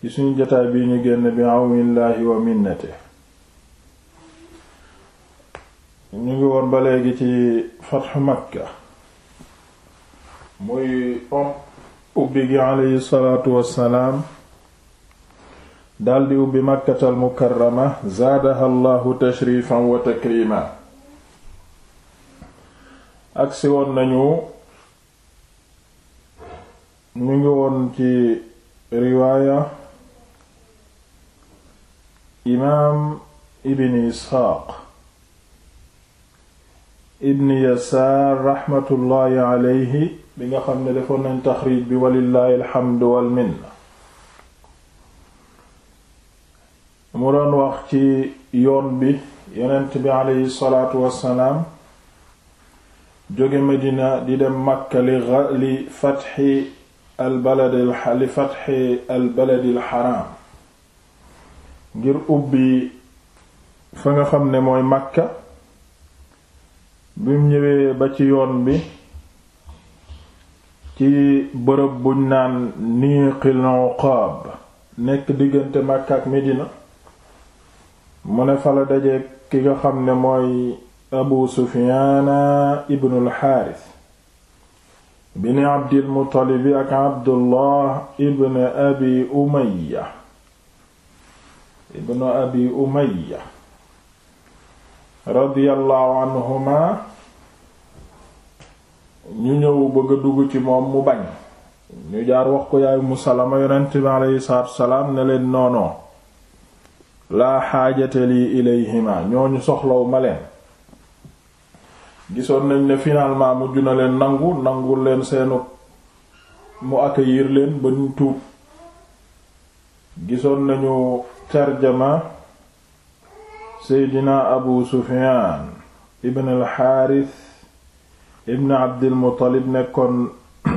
ci suñu jotaay bii ñu génn bi àwnillaahi wa minnate ñu ngi woon ba léegi ci fatxu makka muy ubbi gi aleyhi salaatu wassalaam daldi ubbi makkatal mukarrama zaadaha allahu tashrifan wa takrima agsi woon nañu ñu ngi woon ci riwaaya imaam ibn isxaaq ibn yasaar raxmatullaahi aleyhi bi nga xam ne defoon nañ taxriij bi walillaahi alxamdu walminna mu doon wax ci yoon bi yonent bi aleyhi salaatu wassalaam jóge Medina di dem Makka li li fatxi albaladi li fatxi albaladi alxaraam ngir ubbi fa nga xam ne mooy Makka bim ñëwee ba ci yoon bi ci bërëb buñ naan niiqil uqaab nekk diggante Makka ak Medina mu ne fa la dajee ki nga xam ne mooy Abu Sufyaana ibnul Xaaris bini Abdil Muttalibi ak Abdullah ibn Abi Umayya ibnu abi umaya radiyallahu anhuma ñu ñëw bëgg a dugg ci moom mu bañ ñu jaar wax ko yaay mu salama yonent bi aleyhi salaatu salaam ne leen noonoo la xaajate lii ilayhima ñu soxlaw ma leen gisoon nañ ne finalement mujj na leen nangu nangu leen seenu mu accueillir leen ba ñu tuub gisoon nañu tarjama seydina abu sufiyaan ibn alxaaris ibn abdilmuttalib nekkoon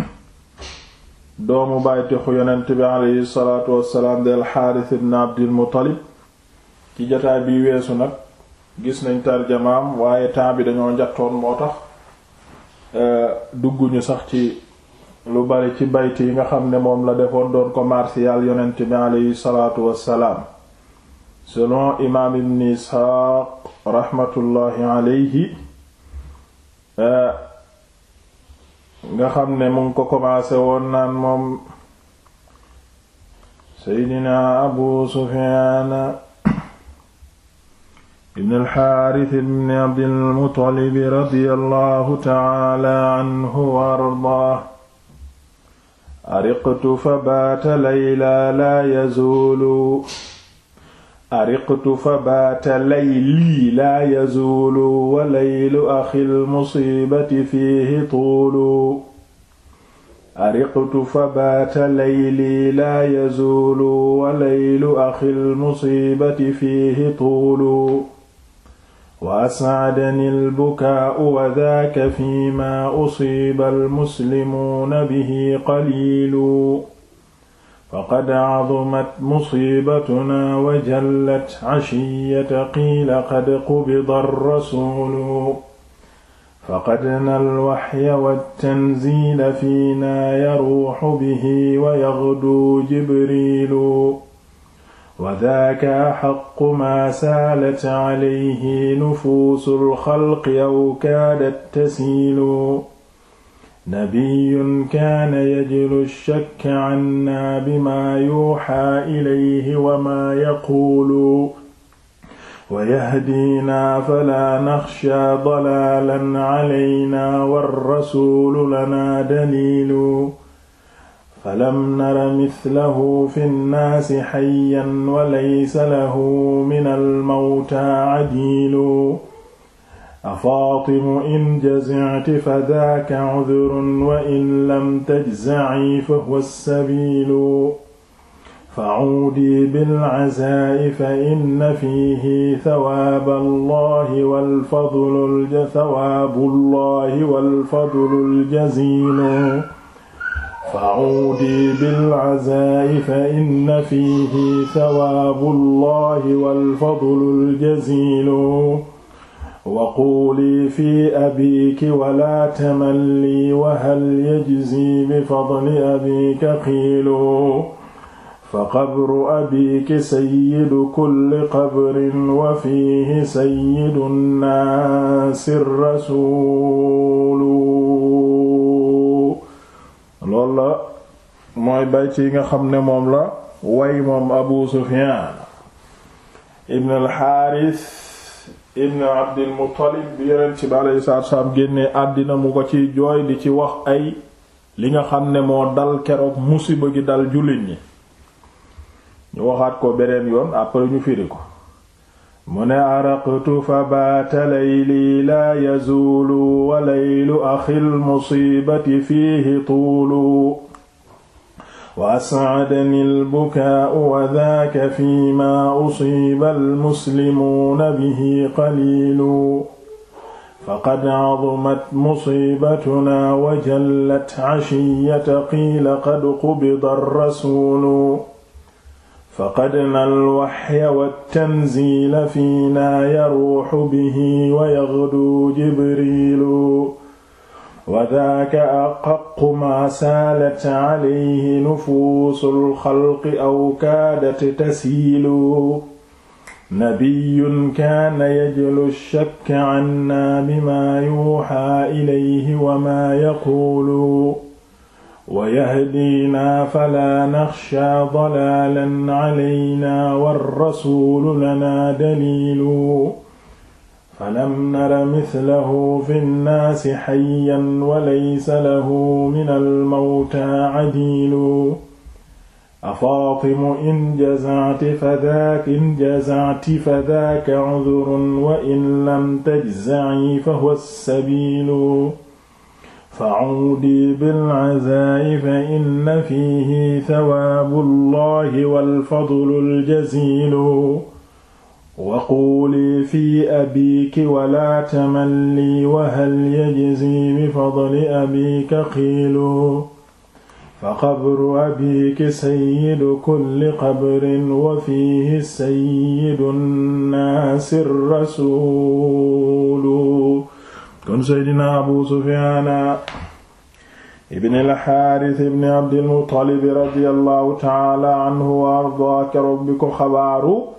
doomu bàytixu yonent bi aleyhi salaatu wassalaam di alxaaris ibn abdilmuttalib ci jataay bi weesu nag gis nañ tarjamaam waaye temps bi dañoo njattoon moo tax euh, dugguñu sax ci lu bari ci bayt yi nga xam ne moom la defoon doon ko martial yonent bi aleyhi salaatu wassalaam selon imaam ibn isxaaq raxmatullaahi aleyhi eh, nga xam ne mu ngi ko commencé woon naan moom seydina abu sufiaana ibn alxaaris ibn abdilmutalib radiyallahu taala anhu wa ardaa ariqtu fa baata layla laa yazulu ariqtu fa baata laylii laa yazuulu wa laylu axil musiibati fiihi tuulu ariqtu fa baata laylii laa yazuulu wa laylu axil musiibati fiihi tuulu wa as'adani al-bukaa'u wa daaka fiimaa usiiba al-muslimuuna bihi qaliilu faqad azumat musibatuna wa jallat ashiyata qiila qad qubida rasulu faqad nal waxya wattanziila fiinaa yaruuxu bihi wa yagdu jibriilu wa daaka axaqqu maa saalat calayhi nufuusul xalqi aw kaadat tasiilu nabiyun kaana yajilu shakka cannaa bimaa yuuxaa ilayhi wamaa yaquulu wa yahdiinaa falaa naxshaa dalaalan calaynaa warrasuulu lanaa daliilu falam nara mislahu fi nnaasi xayyan walaysa lahu min almawtaa cadiilu afaatimu in jazicti fa daaka cudurun wa in lam tajzacii fa huwa sabiilu facuudii bilcazaa'i fa inna fiihi thawaaba allahi walfadlu thawaabu allahi walfadlu aljaziilu facuudii bilcazaa'i fa inna fiihi thawaabu allahi walfadlu aljaziilu waquuli fi abiki wala tamalli wahal yajzi bifadli abika qiilu fa qabru abiki sayyidu kulli qabrin wa fiihi sayyidu nnaasi rasuulu loolu la mooy bayt yi nga xam ne moom la way moom Abu Sufyaan ibn al Haaris ibn abdil muttalib bi yonent bi alayhi salaatu salaam àddina mu ko ci jooy di ci wax ay li nga xam ne moo dal keroog musiba gi dal jullit ñi ñu waxaat ko beneen yoon après ñu firi ko mu ne araqtu fa baata layli laa yazuulu wa laylu axil musibati fiihi tuulu wa as'adani al-bukaa'u wa dhaaka fiimaa usiiba al-muslimuuna bihi qaliilu faqad 'azumat musiibatunaa wa jallat 'ashiyyata qiila qad qubida ar-rasuulu faqadna al-wahya wat-tanziila fiinaa yaruuhu bihi wa yaghdu jibriilu wa daaka axaqu maa saalat calayhi nufuusul xalqi aw kaadat tasiilu nabiyun kaana yajlu shakka cannaa bimaa yuuxaa ilayhi wa maa yaquulu wa yahdiinaa falaa naxshaa dalaalan calaynaa warrasuulu lanaa daliilu falam nara mislahu fi nnaasi xayyan walaysa lahu min almawtaa adilu afaatimu in jazati fa daak in jazati fa daaka cudurun wa in lam tajzaci fa huwa sabilu facuudi bilcazaayi fa inna fiihi thawaabu allahi walfadlu aljazilu waquuli fi abiki wala tamalli wahal yajzi bifadli abika xiilu fa qabru abiki sayyidu kulli qabrin wa fiihi sayyidu nnaasi rasuulu kon seydina abu sufiaana ibn alxaaris ibn abdilmutalibi radiyallahu taala anhu wa ardaa keroog bi ko xabaaru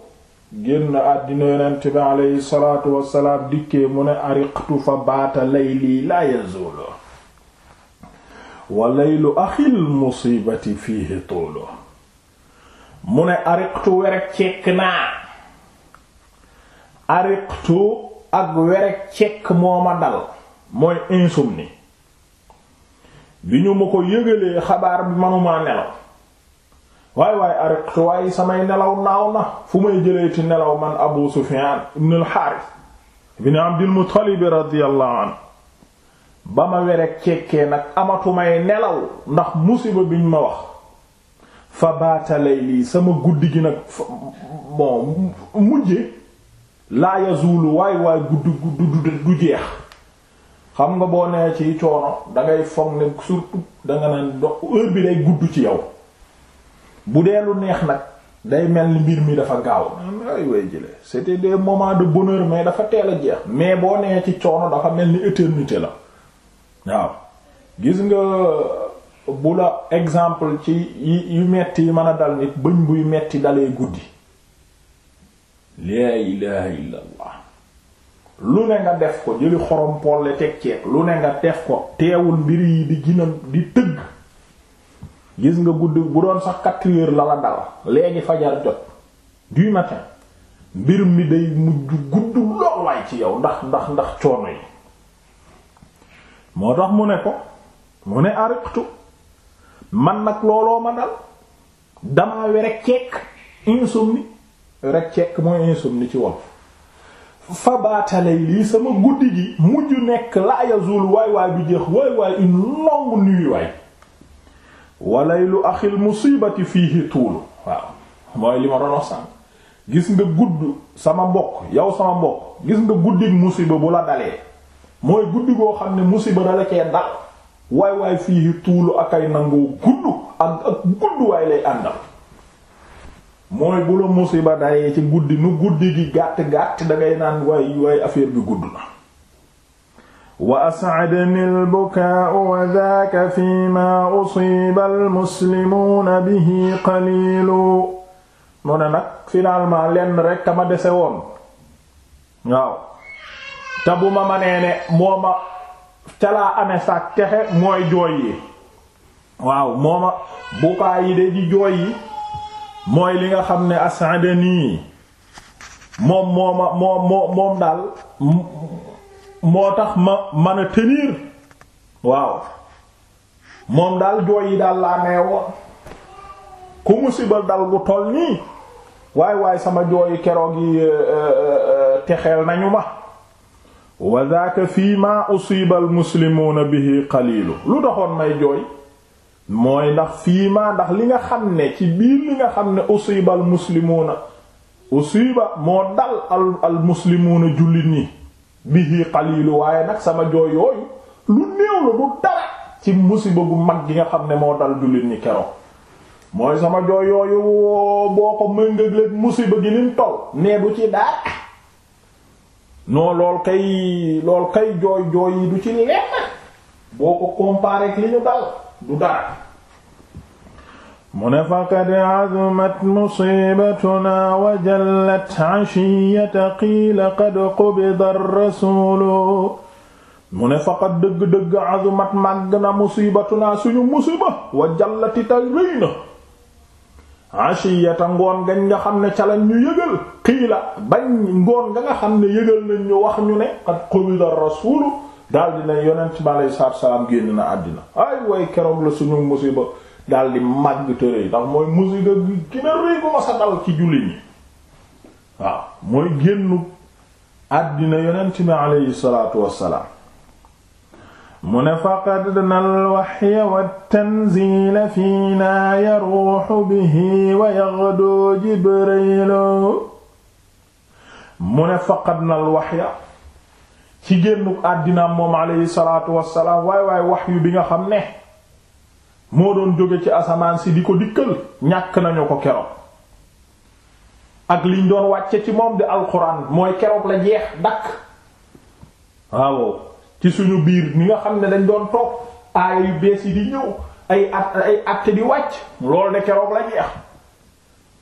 génn àddina yonent bi aleyhi salaatu wassalaam dikkee mu ne ariqtu fa baata layli laa yazuulu wa laylu axil musibati fiihi tuulu mu ne ariqtu werek cekk naa ariqtu ak werek cekk moo ma dal mooy insomnie bi ñu ma ko yëgalee xabaar bi manumaa nelaw waay waay araqtu samay nelaw naaw na fu may jëleeti nelaw man abu sufyan ibn al-harith ibn abdul muttalib radiyallahu anhu ba ma werek cekkee nag amatumay nelaw ndax musiba biñ ma wax fa baata layli sama guddi gi nag bon mujje laa yazulu waay waay guddi guddi du jeex xam nga boo nee ci coono dangay foog ne surtout danga naan dox heure bi day gudd ci yow bu dee lu neex nag day mel ni mbir mi dafa gaaw ay way jële c'était des moments de bonheur mais dafa teel a jeex mais boo nee ci coono dafa mel ni éternité la waaw gis nga bu la exemple ci yu metti yi mën a dal nit bëñ buy metti dalee guddi laa ilaha illa lu ne nga def ko jëli xorom teg ceeb lu ne nga def ko teewul mbir yi di gina di tëgg gis nga guddi bu doon sax quatre heures la dal léegi fajar jot du matin mbir mi day mujj gudd lool waay ci yow ndax ndax ndax coono yi moo tax mu ne ko mu ne ariqtu man nag looloo ma dal damaa were ceek insomnie rek ceek mooy insomnie ci wolof fa lii sama guddi gi mujj nekk laaja yazul waay waay bi jeex waay waay une longue nuit waay walaylu axil musibati fiihi tuulu waaw mooy li ma doon wax gis nga gudd sama mbokk yow sama mbokk gis nga guddik musiba bu la dalee mooy guddi goo xam ne musiba dala cee dal waay waay fiihi tuulu ak ay nangoo gudd ak ak gudd waay lay àndal mooy bu la musiba dayee ci guddi nu guddi gi gàtt gàtt dangay naan waay waay affaire bi gudd na wa as'adani al-bukaa'u wa dhaaka fiimaa usiiba al-muslimuuna bihi qaliilu mu ne nag finalement lenn rekk a ma dese woon waaw te bu ma manee moo ma ca laa saak texe mooy jooy yi waaw moo ma bukaa yi de di jooy yi mooy li nga xam ne as'adani moom moo ma moom moom daal moo tax ma man a tenir waaw moom daal jooy yi daal laa nee woon ku musiba dal gu toll nii waay waay sama jooyi keroog yi euh, euh, euh, texeel nañu ma wa daaka fii ma usiba al muslimuuna bihi qalilu may jooy mooy ndax fii ma ndax li nga xam ne ci biir li nga xam ne usiba al muslimuuna usiba moo dal al al muslimuuna jullit ñi bihi qalilu waaye nag sama jooy yooyu lu néew la du dara ci musiba bu mag gi nga xam ne moo dal jullit ni keroog mooy sama jooy yooyu boo ko méngaleeg musiba gi lim toll nee du ci dara non lool kay lool kay jooy jooy yi du ci lenn boo ko comparé li ñu dal du dara mu ne faqad azumat musibatuna wa jallat ashiyata qiila qad qubida rasulu mu ne faqad dëgg-dëgg azumat màgg musibatuna suñu musiba wa jallati tay rëy na ashiyata ngoon gañ xam ne calan ñu yëgal qiila bañ ngoon nga xam ne yëgal nañ wax ñu ne qad qubida rasulu daal dina yonent bi aleyhi salaatu salaam génn na ay way keroog la suñu musiba daal di màgg ndax mooy musique gi gën a rëy bu ma sa dal ci julli ñi waaw mooy génnu àddina yonent bi aleyhi salaatu wassalaam mu ne faqadna alwaxya wattanziila fiinaa yaruuxu bihi wa yaghduu jibraylu mu ne faqadna alwaxya ci génnu àddina moom aleyhi salaatu wassalaam waay waay wax bi nga xam ne moo doon jóge ci asamaan si di ko dikkal ñàkk nañu ko keroog ak liñ doon wàcce ci moom di alxuraan mooy keroog la jeex dakk waaw ci suñu biir ni nga xam ne dañ doon toog aaya yu bees yi di ñëw ay at ay at di wàcc lool de keroog la jeex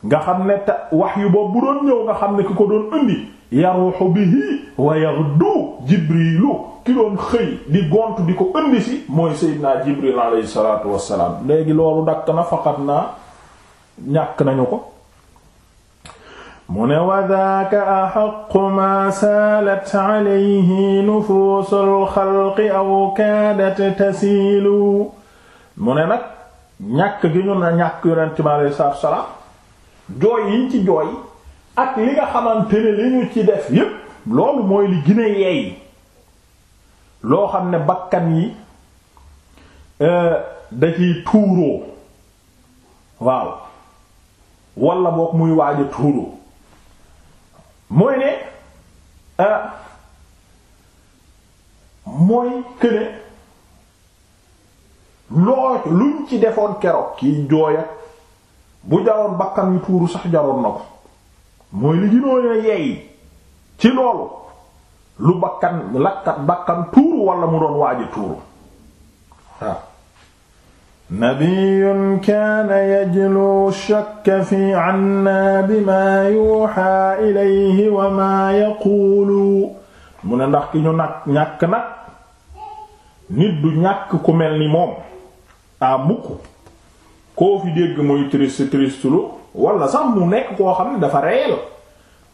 nga xam ne ta wax yu boobu bu doon ñëw nga xam ne ki ko doon indi yaruuxu bihi wa yaghdu jibrilu ki xëy di gontu di ko ëndi si mooy seydinaa jibril alayhi salaatu wassalaam léegi loolu dakk na faqat naa ñàkk nañu ko mu ne wa daaka axaqu maa saalat alayhi nufuusul xalqi aw kaadat tasiilu mu ne nag ñàkk gi ñu na ñàkk yonent mi alayhi salaatu wassalaam jooy yiñ ci jooy ak li nga xamante ne li ñu ci def yëpp loolu mooy li gën a yeey loo xam ne bakkan yi euh, da ciy tuuroo waaw walla boog muy waaj a tuuroo mooy ne euh, mooy këne loo luñ ci defoon keroog kiy jooya bu jaroon bakkan yi tuuru sax jaroon na ko mooy li ginoo na ci loolu lu bakkan lakkat bakkan tuuru wala mu doon waaji tuuru waaw nabiyun kaana yajlu shakka fi anna bima yuha ilayhi wa ma yaqulu mu ne ndax ki ñu ñàkk nag nit du ñàkk ku mel ni moom a ah, mukk koo fi dégg muy triste triste wala sax mu nekk koo xam ne dafa réel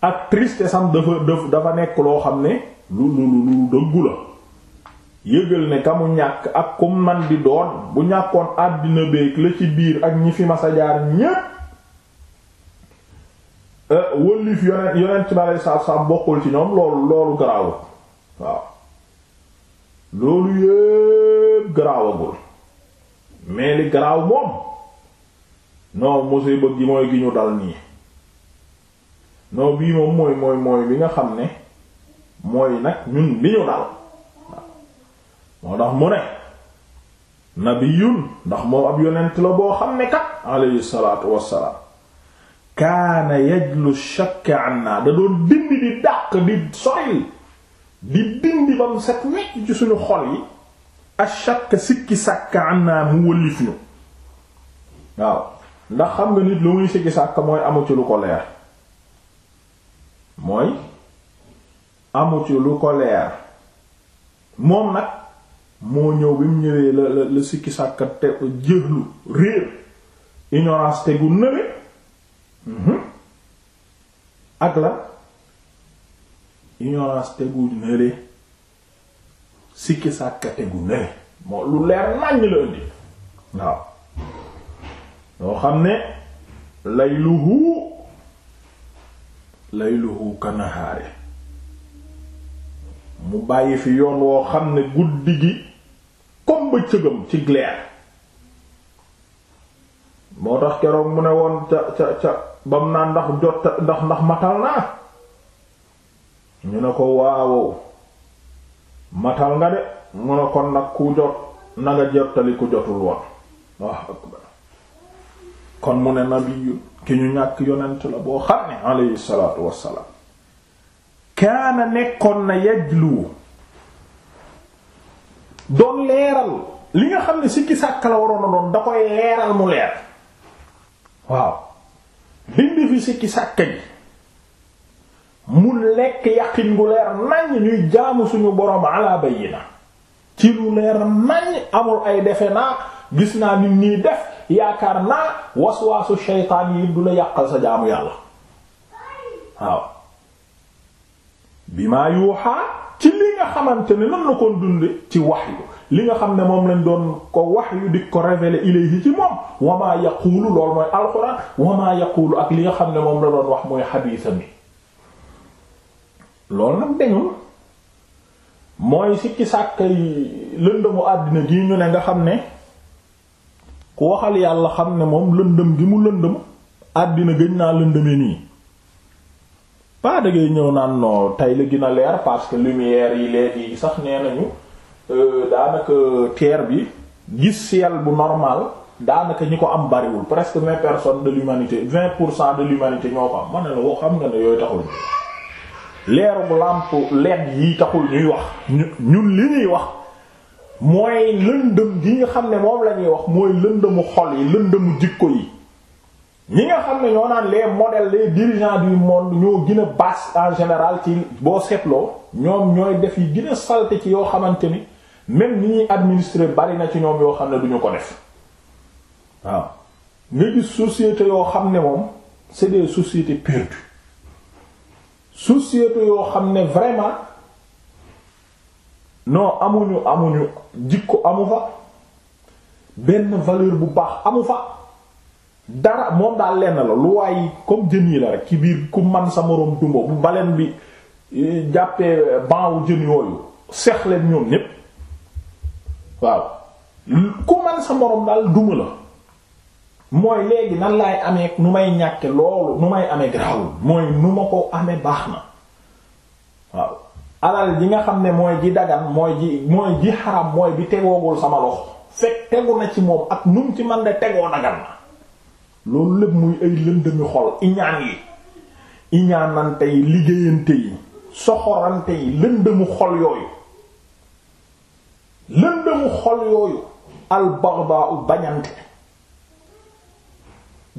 ak triste sam dafa dafa nekk loo xam ne lu lu lu lu dëggu la yëgal ne ka ñàkk ak ku man di doon bu ñàkkoon àddina beek la ci biir ak ñi fi masa jaar ñépp eh, wëllif yonent yonent bi aleyhi salaatu salaam bokkul ci ñoom loolu loolu garaawul waaw loolu yépp garaawagul mais li garaaw moom non musiba gi mooy gi ñu dal nii non bii moom mooy mooy mooy bi nga xam ne mooy nag ñun bi ñu dal moo tax mu ne nabiyun ndax moom ab yonent la boo xam ne kat alayhi salaatu wassalaam kaana yajlu shakk an naa da dindi di dàq di soril di dindi ba set wecc ci suñu xol yi ashakk sikki sàkk an naa mu wëllif ñu waaw ndax xam nga nit lu muy sikki sàkk mooy amu ci lu ko leer mooy amu ci lu ko leer moom nag moo ñëw bi mu ñëwee la la la sikki sàkk te jëxlu réer ignorance mhm. la ignorance tegu nëre sikki sàkk tegu nëre moo lu leer nàññ la indi waaw yoo xam ne layluhu layluhu kanahaare mu bàyyi fi yoon woo xam ne guddi gi comme bëccëgam ci leer moo tax keroog mu ne woon ca ca ca bam naa ndax jot ndax ndax matal naa ñu ne ko waawoo matal nga de mu ne kon nag ku jot na nga jottali ku jotul woon kon mu ne nabiyun ki ñu ñàkk yonent la boo xam ne alayhi salaatu wassalaam kaana nekkoon na yajlu doon leeral li nga xam ne sikki sàkk la waroon a doon da koy leeral mu leer waaw bindi fi sikki sàkk ji mu lekk yaqin gu leer naññ ñuy jaamu suñu boroom ala bayyina ci lu leer naññ amul ay defe naa gis naa nit ñiy def yaakaar naa waswaasu shaytaan yi du la yàqal sa jaamu yàlla waaw bi maa yuuxaa ci li nga xamante ne nan la ko dunde ci wahyu li nga xam ne moom lañ doon ko wahyu di ko révéler ilayhi ci moom wa maa yaquulu mooy alxuraan wa maa ak li nga xam ne moom la doon wax mooy xadiisa mi loolu nag dañu mooy sikki sàkk lëndëmu àddina gi ñu ne nga xam ne ku waxal yàlla xam ne moom lëndëm gi mu lëndëm àddina gëñ naa lëndëme nii pas da ñëw naan non tey la gën a leer parce que lumière yi léegi sax nee nañu euh, daanaka terre bi gis ciel bu normal daanaka ñi ko am bariwul presque vingt personnes de l'humanité vingt pour cent de l'humanité ñoo ko am woo xam nga ne yooy taxul leeru lampe led yi taxul ñuy wax ñun li ñuy wax mooy lëndëm gi nga xam ne moom la ñuy wax mooy lëndëmu xol yi lëndëmu jikko yi ñi nga xam ne ñoo naan les modèles les dirigeants du monde ñoo gën a basse en général ci boo seetloo ñoom ñooy def yi gën salte ci yoo xamante ni même ñi ñuy administrer bari na ci ñoom yoo xam ne duñu ko def waaw nga gis société yoo xam ne moom c'est des sociétés perdues sociétés yoo xam ne vraiment no amuñu amuñu jikko amu fa benn valeur bu baax amu fa dara moom daal lenn la lu waaye comme jën yi la rek ci biir ku man sa moroom dumbo bu baleen bi eh, jàppee baawu jën yooyu seex ñoom ñépp waaw ku man sa moroom daal duma la mooy léegi nan laay amee nu may ñàkke loolu nu may amee grawul mooy nu ma ko amee baax na waaw alal ji nga xam ne mooy ji dagan mooy ji mooy ji xaram mooy bi tegoogul sama loxo fekk tegu na ci moom ak num ci man de tegoo dagan na loolu lépp muy ay lëndëmi xol iñaan yi iñaanante yi liggéeyante yi soxorante yi lëndëmu xol yooyu lëndëmu xol yooyu albaghdaa u bañante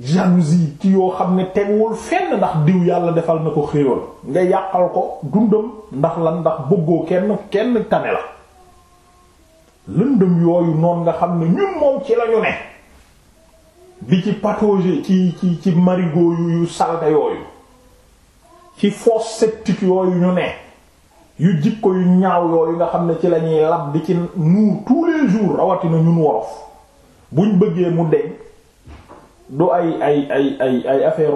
jalousie ci yoo xam ne teguwul fenn ndax diw yàlla defal na ko xéewal nga yàqal ko dundam ndax lan ndax bëggoo kenn kenn tane la lëndëm yooyu noonu nga xam ne ñun moom ci lañu ne bi ci patauger ci ci ci marigot yu salte yooyu ci fos septique yooyu ñu ne yu jikko yu ñaaw yooyu nga xam ne ci lañuy lab di ci nuur tous les rawatina ñun worof buñ bëggee mu deñ du ay ay ay ay ay affaire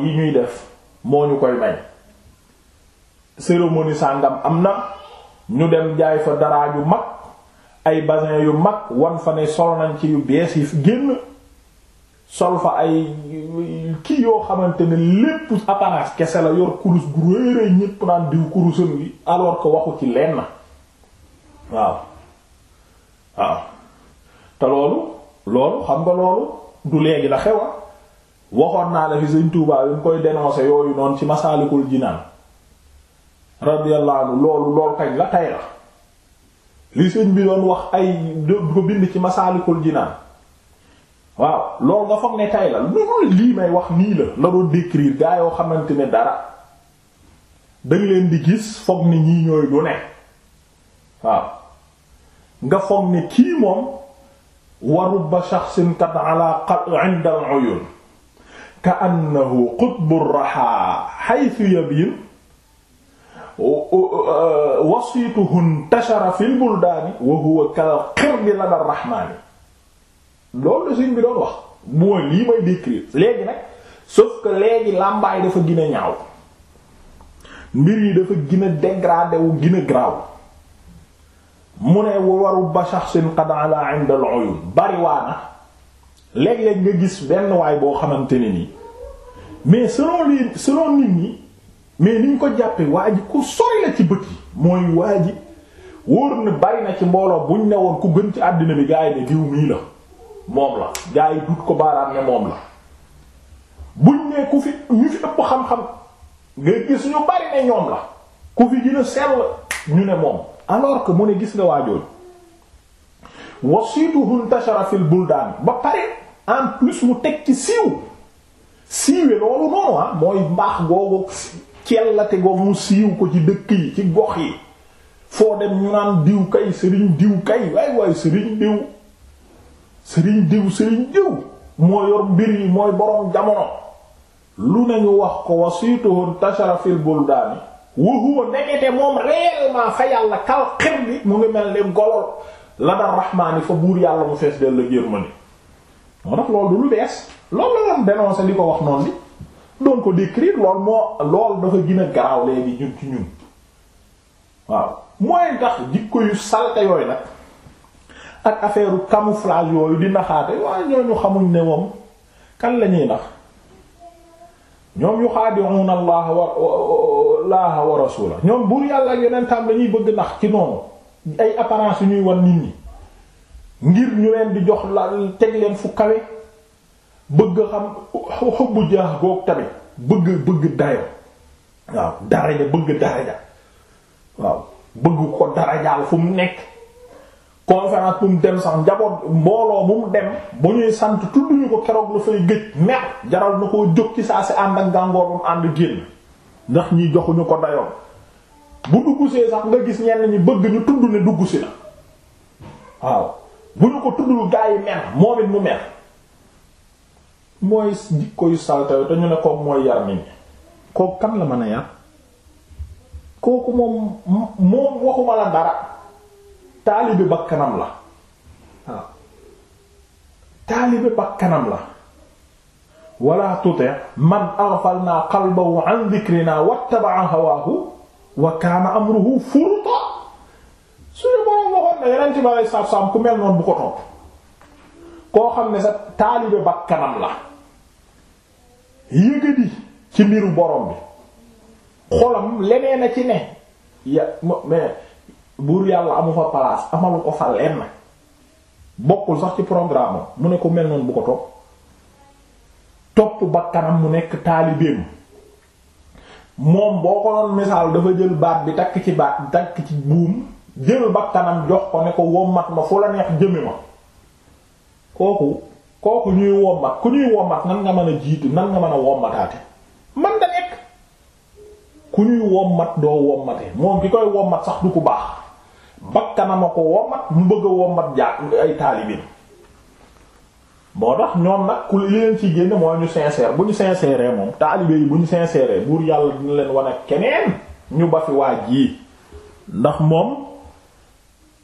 yi ñuy def moo ñu koy may cérémonie sàngam am na ñu dem jaay fa daraa yu mag ay basin yu mag wan fa ne sol nañ ci yu bees yi génn sol fa ay kii yoo xamante ne lépp apparence kese la yor kurus gu réeréy ñépp naan diw kurusam yi alors que waxu ci leen na waaw waaw te loolu loolu xam nga loolu du léegi la xewa waxoon naa la fi sëñ Tuubaa bi mu koy dénoncé yooyu noonu ci Masaalikul Jinaan radiyallahu anhu loolu loolu kañ la tay la li bi doon wax ay du ci Masaalikul Jinaan waaw loolu may wax nii la la doon décrire gaa yoo xamante ne dara danga leen di gis foog ne ñii ñooy du ne waaw nga foog ne kii moom wa rubba shaxsin kat ala inda al-uyun ka annahu qutbu raha haythu yabin e, wasiituhu intashara fil buldaani wa huwa kal qirdi lada rahmaani loolu la suñ bi doon wax mooy lii may décrire léegi nag sauf que léegi làmbaay dafa gën a ñaaw mbir yi dafa gën a dégradé wu gën a graaw mu ne waru ba shaxsin qad ala inda al uyun bariwaana léeg-léeg nga gis benn waay boo xamante ne nii mais selon li selon nit ñi mais niñ ko jàppe waa ji ku sori la ci bët yi mooy waa ji wóor na bari na ci mbooloo buñ ne woon ku gën ci àddina bi gaa yi diw mii la moom la gaa dut ko baaraam ne moom la buñ ne ku fi ñu fi ëpp xam-xam nga gis ñu bari ne ñoom la ku fi gën sell ñu ne moom alors que mu ne gis nga waajoon wasituhu intashara fil buldaan ba pare en plus mu teg ci siiw siiwee loolu noonu ah mooy mbaax googu cellate googu mu siiw ko ci dëkk yi ci gox yi foo dem ñu naan diw kay sëriñ diw kay waay waay sëriñ diw sëriñ diw sëriñ diw moo yor mbir yi mooy boroom jamono lu nañu wax ko wasituhu intashara fil buldaani wa huwa ndekete moom réellement fa yàlla kal xirli mu ngi mel ni golool la dal rahmaani fa buur yàlla mu fees del la gérmani moo tax loolu du lu bees loolu la doon dénoncé li ko wax noonu li doon ko décrire loolu moo loolu dafa gën a garaaw léegi ñun ci ñun waaw mooy ndax jikko yu salte yooyu nag ak affaire camouflage yooyu di naxaate waaye ñooñu xamuñ ne moom kan la ñuy nax ñoom yuxaadi'uuna allaha wa wa rasula ñoom buur yàlla ak yonentam lañuy bëgg ndax ci noonu ay apparence yu ñuy wan nit ñi ngir ñu leen di jox la teg leen fu kawe bëgg xam xubbu jaax goog tamit bëgg bëgg dayo waaw daraja bëgg daraja waaw bëgg ko darajaal fu mu nekk conférence bu mu dem sax njaboot mbooloo bu mu dem bu ñuy sant tudd ñu ko keroog la fay gëj mer jaral na koo jóg ci saa si ànd ak gàngoor bu mu ànd génn ndax ñi joxuñu ko dayoon bu dugg see sax nga gis ñenn ñi bëgg ñu tudd ne dugg si na waaw bu ñu ko tuddul gaa yi mer moom it mu mer mooy jikko yu saltaw te ne kook mooy yar nit kook kan la mën a yar kooku moom moom waxuma la dara taalibe bakkanam la waaw taalibe bakkanam la wala tuti man aghfalna qalbahu an dhikrina wattaba'a hawaahu wa kaana amruhu furta suñu boroom waxoon na yeneen ci ma bu ko topp koo xam ne sa taalibe bakkanam la yëgadi ci mbiru borom bi xolam leneen a ci ne ya mais buur yàlla amu fa place amalu ko fa lenn bokkul sax ci programme mu ne ko mel noonu ko topp bakkanam mu nekk taalibeem moom boo ko doon misaal dafa jël baat bi takk ci baat takk ci buum jël bakkanam jox ko ne ko wommat ma fu la neex jëme ma kooku kooku ñuy wommat ku ñuy wommat nan nga mën a jiitu nan nga mën a wommataate man da nekk ku ñuy wommat doo wommate moom ki koy wommat sax du ku baax bakkana ma ko wommat mu bëgg a wommat jaa ay taalibiin moo tax ñoom nag ku leen ci génn mooy ñu sincère bu ñu sincère moom taalibe yi bu ñu sincère buur yàlla dina leen wan ak keneen ñu ba fi waaj yi ndax moom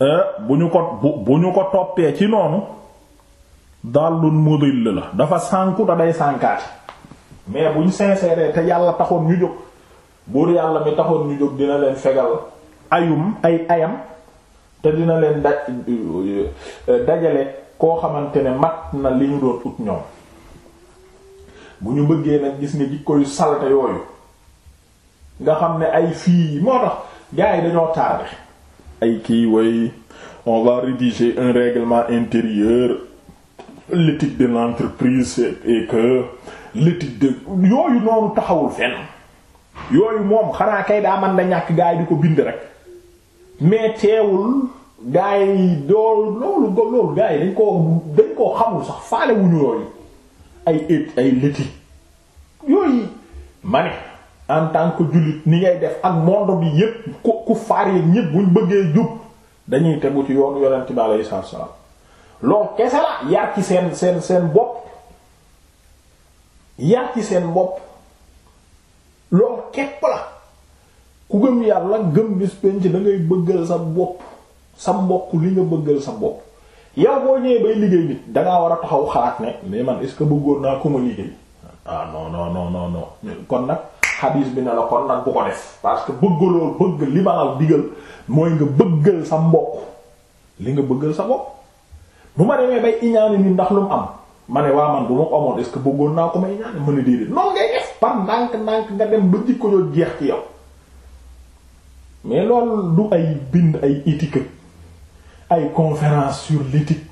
euh, bu ñu ko bu ñu ko toppee ci noonu dallun mudill la dafa sànku da day sànkaati mais bu ñu sincère te yàlla taxoon ñu jóg buur yàlla mi taxoon ñu jóg dina leen fegal ayum ay ayam te dina leen daj euh, dajale koo xamante ne mat na li ñu doon ut ñoom bu ñu bëggee nag gis ni jikko koy salte yooyu nga xam ne ay fii moo tax gars yi dañoo tardé. ay kii way on va rédiger un règlement intérieur l'éthique de l'entreprise et que l'éthique de yooyu noonu taxawul fenn yooyu moom xanaa kay daa man da ñàkk gars yi di ko bind rek. mais teewul gaa yi dool loolu gaa yi dañ koo dañ koo xamul sax faale wuñu yooyu ay ét ay lëti yooyu ma ne en tant que jullit ni ngay def ak monde bi yépp ku ku faar yi ñépp buñ bëggee jub dañuy tegu ci yoonu yonent bi alayhi salaatu salaam loolu kese la yar seen seen seen bopp yar seen bopp loolu képp la ku gëm yàlla gëm bis penc da ngay bëggal sa bopp sa mbokk li nga bëggal sa bopp yow boo ñëwee bay liggéey nit dangaa war a taxaw xalaat ne mais man est-ce que bëggoon naa ko ma liggéey ah, kon nag xadiis bi ne la parce que bëggaloo bëgg li ma digal nga bëggal sa mbokk li nga bëggal sa bopp ma demee bay ndax lu am ma ne waa man bu bëggoon naa ko ma iñaani ma ne déedéet noonu ngay def par ndànk ndànk nga dem ba jikko yoo jeex ci yow mais loolu du ay bind ay étiquette ay conférence sur l'éthique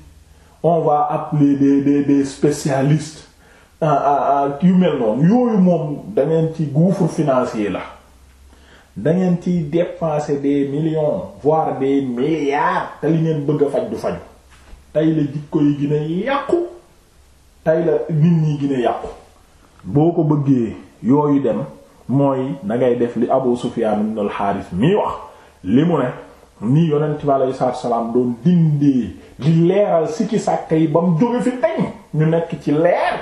on va appeler des des des spécialistes ah, ah, ah, yu mel noonu yooyu moom da ngeen ci gouffre financier la da ngeen ciy dépenser des millions voire des milliards te li ngeen bëgg faj du faj tey la jikko yi gën yàqu tey la nit ñi gën yàqu boo ko bëggee yooyu dem mooy na ngay def li Abu Sufyaan bi al-Haaris mii wax li mu ne nii yonent bi aleyhi salaatu salaam doon dindee di leeral sikki sàkk yi ba mu jóge fi dañ ñu nekk ci leer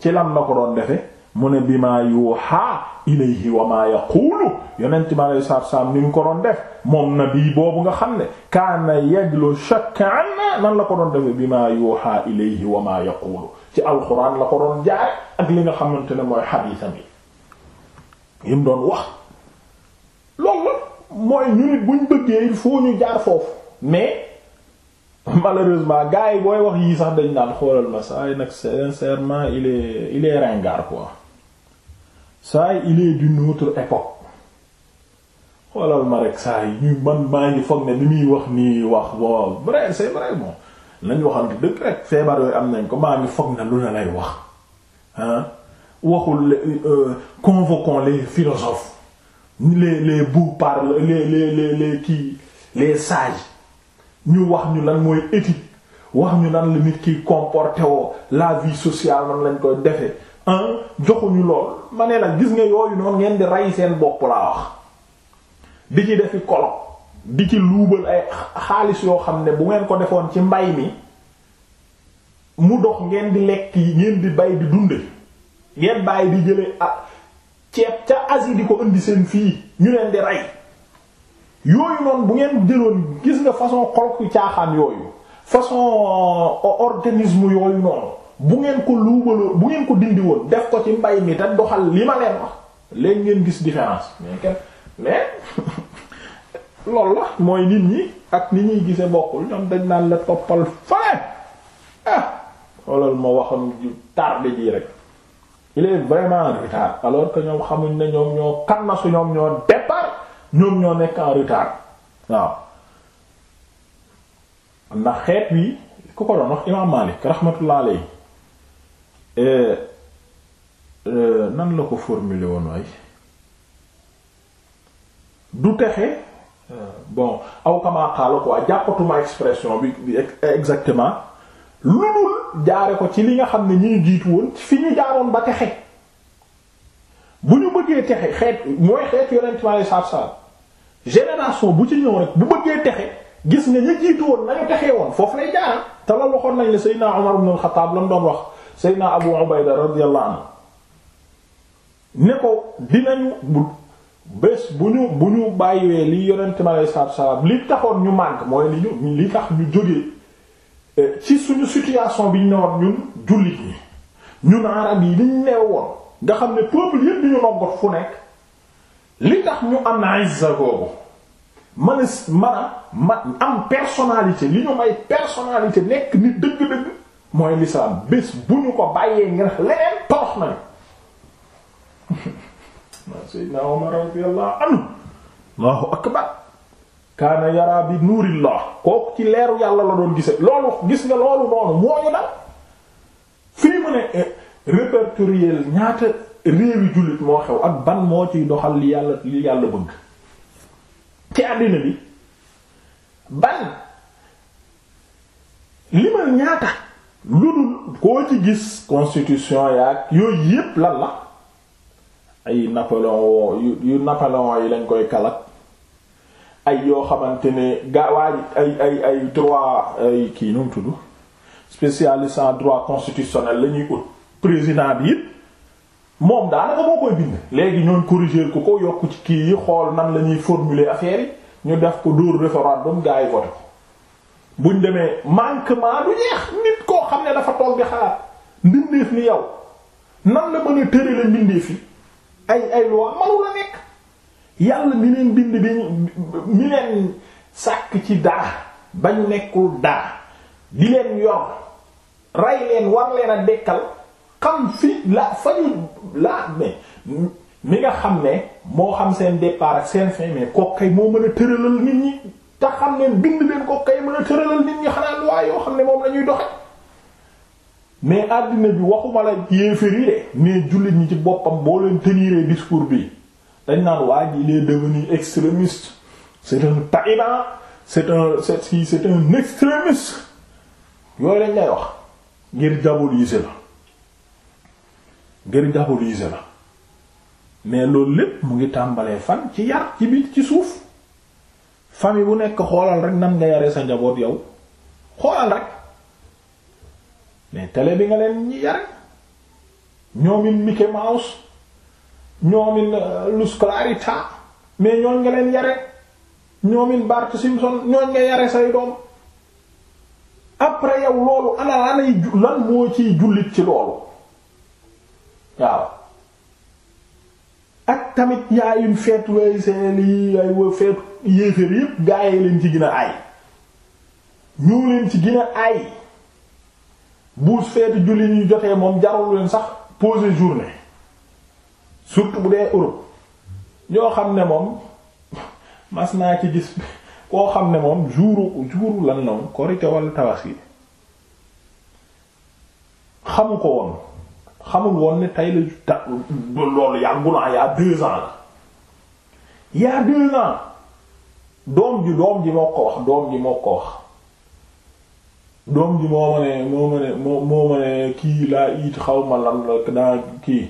ci lam na ko doon defe mu ne bii maa yuuhaa ilayhi wa maa yaquulu yonent bi aleyhi salaatu salaam ni ko doon def moom nabi boobu nga xam ne kaana yajlu shakka anna nan la ko doon defe bi maa yuuhaa ilayhi wa maa yaquulu ci alxuraan la ko doon jaare ak li nga xamante ne mooy xadiisam yi yi mu doon wax loolu mooy ñu nit buñ bëggee il faut ñu jaar foofu mais malheureusement gars yi booy wax yii sax dañ naan xoolal ma saa yi nag sincèrement il est il est ringard quoi saa yi il est d'une autre époque xoolal ma rek saa yi ñu man maa ngi foog ne li muy wax nii wax bon vrai c'est vrai bon nañ feebar yooyu am nañ ko maa ngi foog ne lu ne lay wax waxul euh, convoquons les philosophes les les beaux-parleurs les les les les kii les sage ñu wax ñu lan mooy éthique wax ñu lan la nit ki comporté woo la vie sociale nan lañ koy defe un joxuñu lool ma ne la gis nga yooyu noonu ngeen di ray seen bopp laa wax di ci defi colloque di ci luubal ay xaalis yoo xam ne bu ngeen ko defoon ci mbay mi mu dox ngeen di lekk ngeen di bay di dunde ngeen bàyyi di jëlee ak ah, ceeb ca Asie di ko indi seen fii ñu leen di rey yooyu noonu bu ngeen jëloon gis nga façon xolku caaxaan yooyu façon organisme yooyu noonu bu ngeen ko luubaloo bu ngeen ko dindi woon def ko ci mbay mi te doxal li ma leen wax léegi ngeen gis différence mais kenn mais loolu la mooy nit ñi ak ni ñuy gise bokkul ñoom dañ naan la toppal fa ah xoolal ma waxoon ju tardé ji rek il est vraiment en retard alors que ñoom xamuñ ne ñoom ñoo kan na su ñoom ñoo départ ñoom ñoo nekk en retard waaw ndax xeet wi ku ko doon wax imaam Maalik rahmatullah alayhi eh, eh, nan la ko formuler woon waay du texe eh, bon aw kamaa xaala jàppatuma expression bi exactement lu dul jaare ko ci li nga xam ne ñuy jiitu woon fi ñu jaaroon ba texe bu ñu bëggee texe xeet mooy xeet yonent mi alei saatu salaam bu ci ñëw rek bu bëggee texe gis nga ña jiitu woon nañu texe woon foofu lay jaara te la waxoon nañ la Seydina Umar ibn al-Khattab lam doon wax Seydina Abu Ubayda radiyallahu anhu ne ko dinañu bu bés bu ñu bu ñu bàyyiwee li yonent mi alei saatu salaam li taxoon ñu màgg mooy li ñu li tax ñu jógee Eh, ci suñu situation bi ñu ne woon ñun jullit ñi ñun arab yi liñ neew woon nga xam ne peuple yépp ñu noggot fu nekk li tax ñu am izza googu man a man a am personnalité li ñu may personnalité nekk nit dëgg-dëgg mooy lislaam bés bu ñu ko bàyyee ngir leneen torox nañu Seydina Omar radiyallahu anhu Allahu akbar kaana yara bi nuurillah kooku ci leeru yàlla la doon gise loolu gis nga loolu noonu mooñu dal fii mu ne eh, répertorier ñaata réewi jullit moo xew ak ban moo ci doxal li yàlla yàlla bëgg ci àddina bi ban limal ñaata lu dul koo ci gis constitution yaag yooyu yépp lan la ay Napoléon yu Napoléon yi lañ koy kalak ay yoo xamante ne gaa ay ay trois droit kii nu mu tudd spécialiste en droit constitutionnel la ñuy ut président bi it moom daanaka moo koy bind léegi ñoon corriger ku ko yokk ci kii yi xool nan la ñuy formuler affaire ñu def ko dóor référendum gaa yi voté ko buñ demee manquement du jeex nit koo xam ne dafa toog di xalaat mbindeef ni yow nan la mën a tërale mbindeef yi ay ay loi manu nekk yàlla mi leen bind bi mi leen sàkk ci dara bañ nekkul daa di leen yor rey leen war leen a dekkal xam fi la fañu la mais mi nga xam ne moo xam seen départ ak seen fin mais kooku kay moo mën a tëralal nit ñi te xam ne bind leen kooku kay mën a tëralal nit ñi xanaa waaye yoo xam ne moom lañuy doxe mais àddina bi waxuma la yéeféer yi de mais jullit ñi ci boppam boo leen teniree discours bi dañ naan waa ji il est devenu extrémiste c'est un taliban c'est un yooyu lañ lay wax ngir diaboliser la ngir diaboliser la mais loolu lépp mu ngi tàmbalee fan ci yar ci biir ci suuf famille bu nekk xoolal rek nan nga yare sa njaboot yow xoolal rek mais télé bi nga leen yare ñoomin Mickey ñoomin euh, Lusclarita mais ñooñ nga leen yare ñoomin Bart Simpson ñooñ nga yare say doom après yow loolu ana lanay lan moo ciy jullit ci loolu waaw ak tamit yaa une fête way seen yi gaa yi leen ci gën a ay ñu leen ci gën a ay bu fête jullit ñu jotee moom jarul leen sax poser journée surtout bu dee Europe ñoo xam ne moom mas naa ci gis koo xam ne moom jouru jouru lan la woon korite wala tabaski xamu ko woon xamul woon ni tey la ta loolu yàggul ah deux ans la deux ans doom ji doom ji moo ko wax doom ji moo ko wax doom ji ma ne moo ma ne moo ma ne kii laa it xaw ma lan la kii.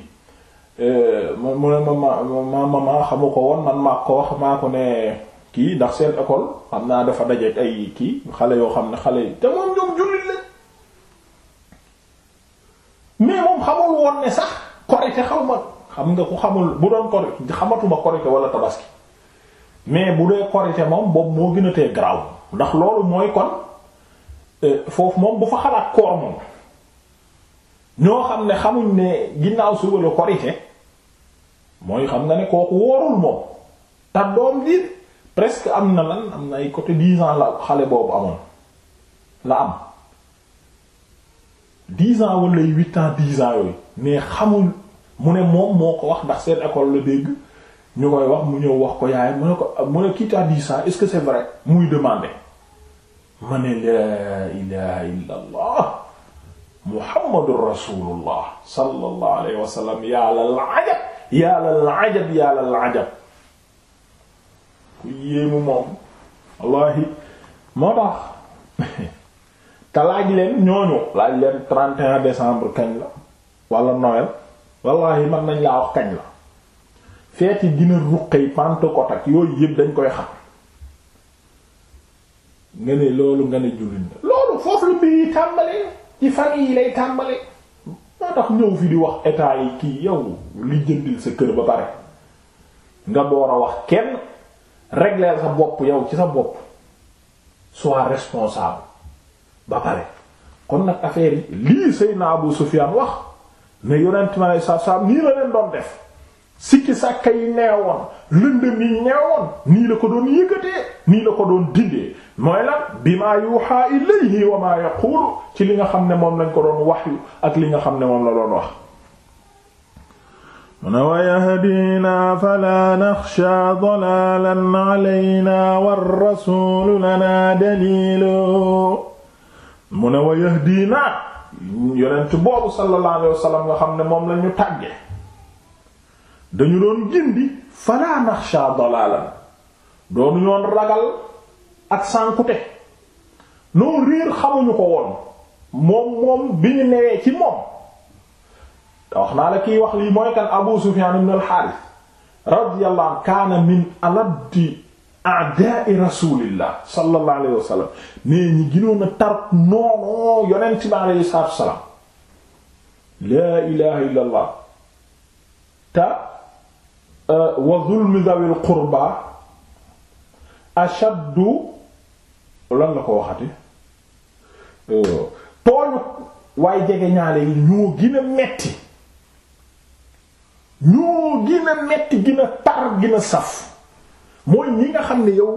Euh, mu ne ma ma ma ma xamu ko woon man maa ko wax maa ko ne kii ndax seen école xam naa dafa dajeek ay kii xale yoo xam ne xale yi te moom ñoom jullit la mais moom xamul woon ne sax korite xaw ma xam nga ku xamul bu doon korite xamatuma korite wala tabaski mais bu dee korite moom boobu moo gën a tee garaaw ndax loolu mooy kon euh, foofu moom bu fa xalaat koor moom ñoo xam ne xamuñ ne ginnaaw suba la korite mooy xam nga ne kooku wóorul moom te doom bi presque am na lan am na ay côté dix ans la xale boobu amoon la am dix ans wala huit ans dix ans yooyu mais xamul mu ne moom moo ko wax ndax seen école la dégg ñu koy wax mu ñëw wax ko yaay mu ne ko mu ne kii taa ans est-ce que c'est vrai muy demander ma ne laa ilaha illa allah muhammadur rasulullah sallallahu alayhi wa sallam yaa lal ajab yaa lal ajab yaa lal ajab ku yéemu moom wallahi moo tax te laaj leen ñooñu laaj leen 31 décembre kañ la wala Noël wallahi man nañ laa wax kañ la feeti dina ruqey Pentecôte ak yooyu yëpp dañ koy xam nga ne loolu nga ne jullit la loolu foofu la mbir yi tàmbalee ci famille yi lay tàmbale moo tax ñëw fi di wax état yi kii yow li jëndil sa kër ba pare nga door a wax kenn régler sa bopp yow ci sa bopp sois responsable ba pare kon nag affaire yi lii Seydina Abu Sufyan wax ne yonent ma ne sa sa nii la leen doon def sikki sàkka yi neewoon lëndëm yi neewoon nii la ko doon yëkkatee nii la ko doon dindee mooy lan bima yuha ilayhi wa ma yaqulu ci li nga xam ne moom lañ ko doon waxyu ak li nga xam ne moom la doon wax mu ne wa yahdina fala naxsha dalalan alayna war rasulu lana dalilu mu ne wa yahdina yonent boobu sallallahu alayhi wasallam nga xam ne moom lañu tàgge dañu doon gindi fala naxsha dalalan doonu ñoon ragal ak sànkute noo réer xamuñu ko woon moom moom bi ñu newee ci moom te wax naa la kiy wax lii mooy kan Abu Sufyan ibn al-Harith radiyallahu anhu kaana min alabdi a'da'i rasulillah sallallahu alayhi wasallam nee ñi ginoon a tar noonoo yonent bi alayhi salaatu wassalaam laa ilaha illa allah te wa zulmi dhawil qurba ashaddu lan la ko waxati tooñu waaye jege ñaale yi ñoo gën a metti ñoo gën a metti gën a tar gën saf mooy ñi nga xam ne yow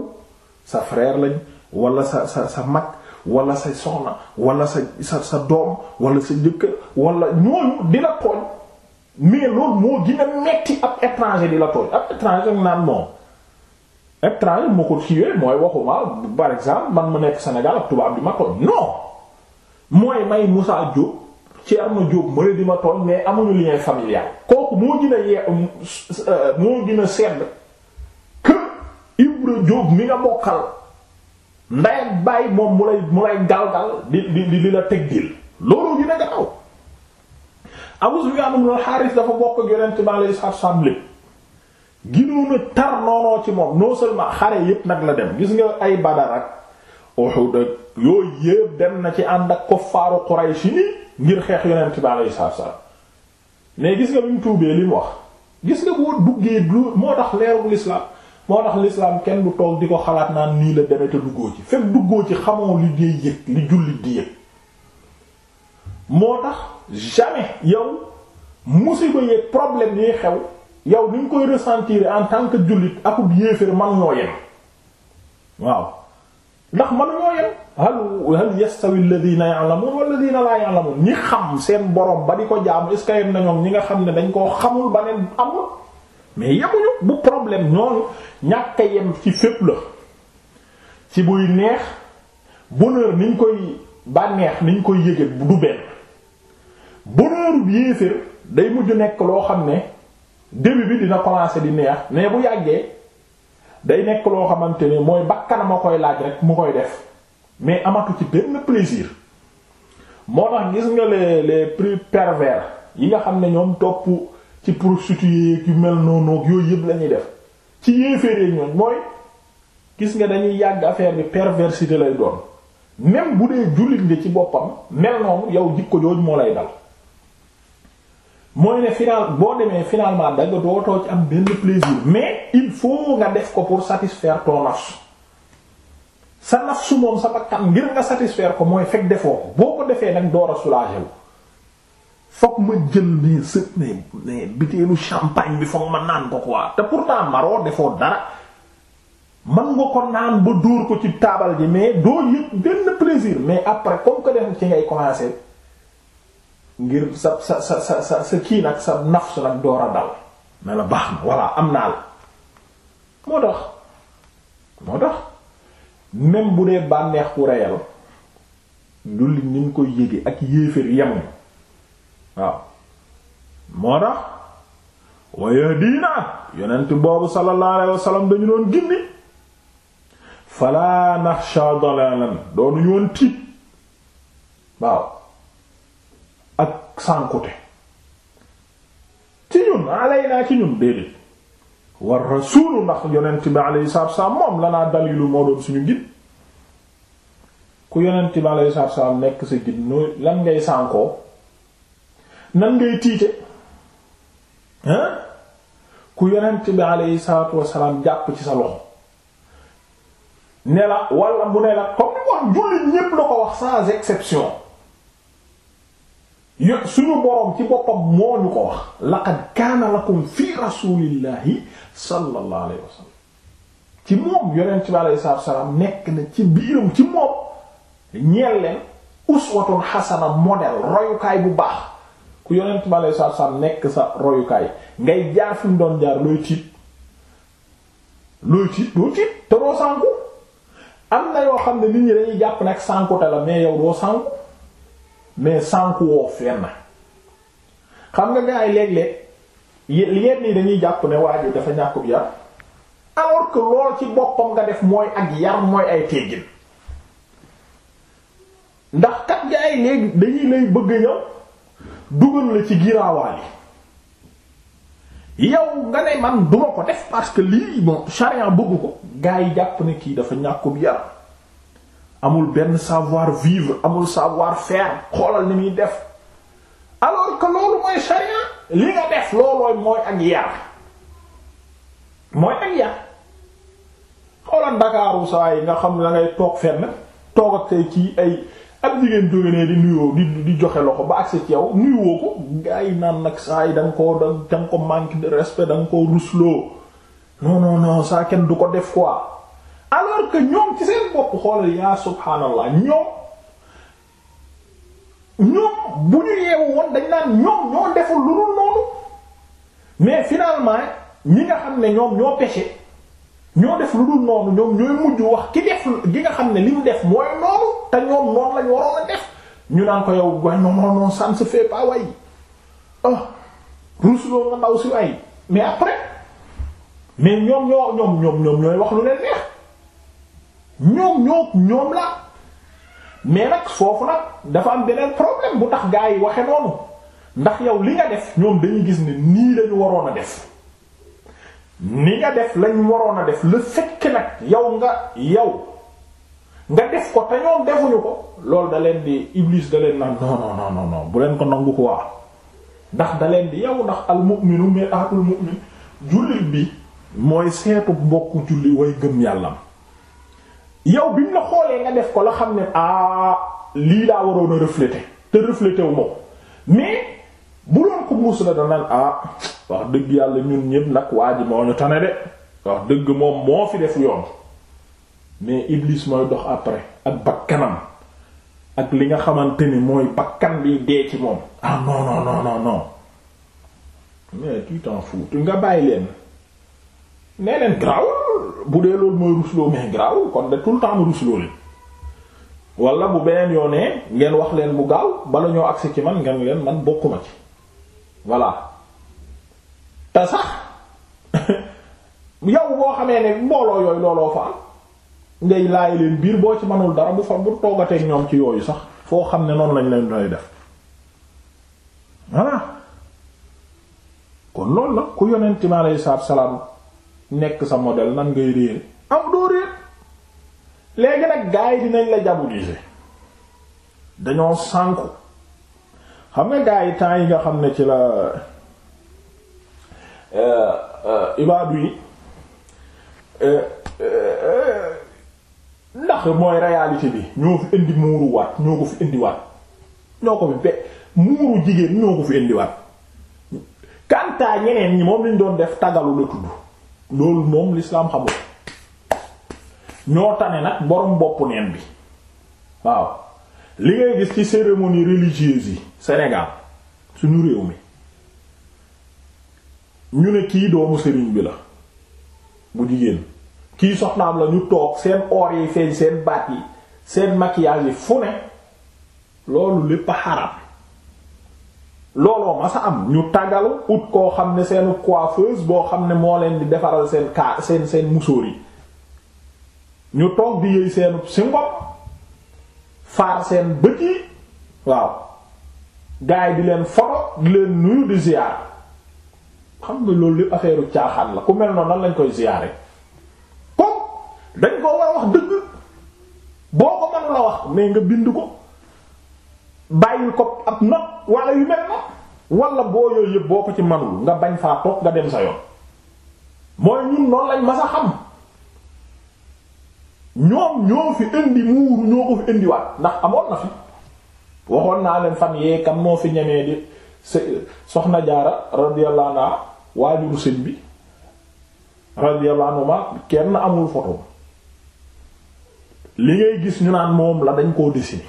sa frère lañ wala sa sa sa mag walla sa soxna walla sa sa sa doom wala sa jëkkër walla ñooñu di la tooñ mais loolu moo gën a metti ab étranger di la tooñ ab étranger naan moom étranger moo ko kiiwee mooy waxuma par exemple man mu nekk Sénégal ak tubaab bi ma tooñ non mooy may Moussa Diop Thierno Diop ma di ma tooñ mais amuñu lien familial kooku moo gën a yee euh, moo gën a sedd que Ibra Diop mi nga bokkal ndey ak moom mu lay mu lay galgal di di di la teg dil loolu gën a gaaw Abu Sufyaan ibn al-Haaris dafa bokk ak Yonent bi alayhi salaatu wa ginoon a tar noonoo ci moom non seulement xare yépp nag la dem gis nga ay Badar ak Uhud ak yooyu yépp dem na ci ànd ak ko kuffaaru Quraysh ni ngir xeex yonent bi alayhi salaatu salaam mais gis nga bi mu tuubee li mu wax gis nga boo duggee lu moo tax leerul lislaam moo tax lislaam kenn du toog di ko xalaat naan nii la deme te duggoo ci fekk duggoo ci xamoo li ngay yëg li jullit di yëg moo tax jamais yow musiba yeeg problème yi xew yow ni ñu koy ressentir en tant que jullit akub yéefér man ñoo yem waaw ndax man ñoo yem hal hal yastawi alladhina ya'lamun walladhina la ya'lamun ñi xam seen borom ba di ko jaamu est-ce yem na ñi nga xam ne dañ koo xamul ba neen amul mais yemuñu bu problème ñoonu ñàkk a yem ci fépp la ci buy neex bonheur niñ koy bànneex niñ koy yëge du benn bonheurub yéefér day mujj nekk loo xam ne début bi dina commencer di neex mais bu yàggee day nekk loo xamante ne mooy bakkanam a koy laaj rek mu koy def mais amatu ci benn plaisir moo tax gis nga les les plus pervers yi nga xam ne ñoom topp ci prostituées yu mel noonu ak yooyu yëpp la ñuy def ci yéeféeree ñoom mooy gis nga dañuy yàgg affaire bi perversité lay doon même bu dee jullit nga ci boppam mel noonu yow jikko jooju moo lay dal. mooy ne final boo demee finalement da nga dootoo ci am benn plaisir mais il faut nga def ko pour satisfaire ton nafs sa nafsu moom sa bakkan ngir nga satisfaire ko mooy fekk defoo ko boo ko defee nag door a soulager wu fokk ma jël ne sët ne ne biteelu champagne bi fokk ma naan ko quoi te pourtant maroo defoo dara man nga ko naan ba dóor ko ci taabal ji mais doo yëg benn plaisir mais après comme ko dem ci ngay commencer ngir sa sa sa sa sa kii sa nafs nag door a dal ne la baax na voilà am naa la moo tax moo tax même bu dee bànneex ku reyal jullit ni mu koy yége ak yéeféer yem waaw moo tax waya diina yonent boobu sallallahu alayhi dañu doon gindi fala naxsha dalalan doonu ñu woon tiit waaw sànkute ci ñun alay naa ci ñun déedéet war rasuulu ndax yonent bi alayhi salaatu salaam moom lanaa dalilu moo doon suñu gin ku yonent bi alayhi salaatu salaam nekk sa gin no lan ngay sànkoo nan ngay tiite hein ku yonent bi alayhi salaatu wassalaam jàpp ci sa loxo ne la wala mu ne la comme ni ko wax jullit ñépp la ko wax sans exception yo suñu boroom ci boppam moo ñu ko wax laqad kaana lakum fi rasulillahi sallallahu alayhi wa ci moom yonent bi alayhi salaatu salaam nekk na ci biiram ci moom ñeel leen uswatun xasana modèle royukaay bu baax ku yonent bi alayhi salaatu salaam nekk sa royukaay ngay jaar fi mu doon jaar looy tiit looy tiit doo tiit te doo sànku am na yoo xam ne nit ñi dañuy jàpp nag sànkute la mais yow doo sànku mais sànku woo na xam nga gars yi léeg-léeg yenn yi dañuy jàpp ne waa ji dafa ñàkkub yar alors que lool ci boppam nga def mooy ak yar mooy ay teggin ndax kat gars yi léegi dañuy lay bëgg ñëw dugal la ci giraawaal yi yow nga ne man duma ko def parce que lii bon charia bëgg ko gars yi jàpp ne kii dafa ñàkkub yar amul benn savoir vivre amul savoir faire xoolal ni muy def alors que loolu mooy sharia li nga def saa yi nga xam la toog fenn toog ak ay ab jigéen jóge di joxe loxo ba ak yow nuyoo ko gars nag saa yi da koo da nga ko manque de respect da koo rusloo non non kenn du ko def quoi. alors que ñoom ci seen bopp xoolal yaa subhaanallah ñoom ñoom bu ñu yeewu woon dañ naan ñoom ñoo deful lu dul noonu mais finalement ñi nga xam ne ñoom ñoo péché ñoo def lu dul noonu ñoom ñooy mujj wax ki def gi nga xam ne li mu def mooy noonu te ñoom a ñu naan ko yow waaye non non non ça ne se ah, mais après mais ñoom ñoo ñoom ñoom ñoom ñooy wax lu leen neex ñoom ñoo ñoom la mais nag foofu nag dafa am beneen problème bu tax gaa yi waxe noonu ndax yow li nga def ñoom dañuy gis ni nii lañu waroon a def ni nga def lañ waroon a def la fait que nag yow nga yow nga def ko te ñoom defuñu ko loolu da leen di iblis da leen naan non non non bu leen ko nangu ko waa ndax da leen di yow ndax al mu'minu mir'atul mu'min jullit bi mooy seetu mbokku julli way gëm yàllam yow bi mu la xoolee nga def ko la xam ne ah lii laa waroon a refléter te refléter moom mais bu doon ko muus la da naan ah wax dëgg yàlla ñun ñëpp nag waa ji de wax dëgg moom moo fi def yoon mais Iblis mooy dox après ak bakkanam ak li nga xamante ni mooy bakkan bi dee ci moom ah non non non nga bàyyi leen nee leen garaawul. bu dee loolu mooy rusloo mais graaw kon de tout le temps mu rusloo leen wala bu beneen yoo ngeen wax leen bu gaaw bala ñoo agsi ci man ngeen leen man bokkuma ci voilà te sax yow boo xamee ne mbooloo yooyu looloo fa am ngay laaj leen biir boo ci manul dara bu fa bu toogateeg ñoom ci yooyu sax foo xam ne noonu lañ leen doy def kon loolu la ku yonent mi aleyhi salaatu salaam nekk sa modèle nan ngay réer am doo réer léegi nag gars yi dinañ la diaboliser dañoo sànku xam nga gars yi temps yi nga xam ne ci la euh, euh, ibaadu yi euh, ndax mooy réalité bi ñoo fi indi muuru waat ñoo ko fi indi waat ñoo ko fi be muuru jigéen ñoo ko fi indi waat kantaa ñeneen ñi moom lañ doon def tagalu la tudd loolu moom lislaam xamul ñoo tane nag borom boppu neen bi waaw li ngay gis ci cérémonie religieuse yi Sénégal suñu réew mi ñu ne kii doomu sëriñ bi la bu jigéen kii soxnaam la ñu toog seen oor yi feeñ seen baat yi seen maquillage yi fu ne loolu lépp a xaram looloo ma sa am ñu tagalu ut koo xam ne seen coiffeuse boo xam ne moo leen di defaral seen kaa seen seen musóor yi ñu toog di yëy seen si ngop faar seen bët yi waaw gaay di leen foto di leen nuyu di ziyaar xam nga loolu lépp affaire u caaxaan la ku mel noonu nan lañ koy ziyaare comme dañ ko war wax dëgg boo ko mënula wax mais nga bind ko bàyyi ko ab nopp wala yu mel na wala boo yooyu boo ko ci manul nga bañ faa toog nga dem sa yoon mooy ñun noonu lañ mas a xam ñoom ñoo fi indi muuru ñoo ko fi indiwaat ndax amoon na fi waxoon naa leen fan yee kan moo fi ñemee di soxna jaara radiyallahu anha waajuru sëñ bi radiyallahu kenn amul photo li ngay gis ñu naan moom la dañ koo dessiné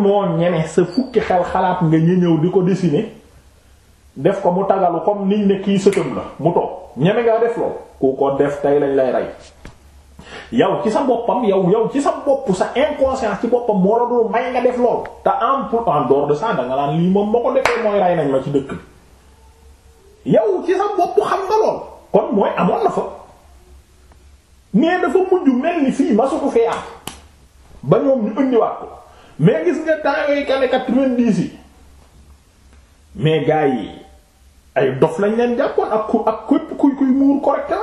moo ñeme sa fukki xel xalaat nga ñëw di ko dessiner def ko mu tagalu comme niñ ne kii sëtëm la mu toog ñeme nga def loolu ku ko def tey lañ lay rey yow ci sa boppam yow yow ci sa bopp sa inconscience ci boppam moo la dul may nga def loolu te en pour en dehors de ça da nga lii moom moo ko defee mooy rey nañ ma ci dëkk bi yow ci sa bopp xam nga lool kon mooy amoon na fa mais dafa mujj mel ni fii ma su ko fee am ba ñoom ñu indiwaat ko mais gis nga temps yooyu kale quatre-vingt-dix yi mais gars yi ay dof lañ leen jàppoon ak ku ak képp kuy kuy muur correctement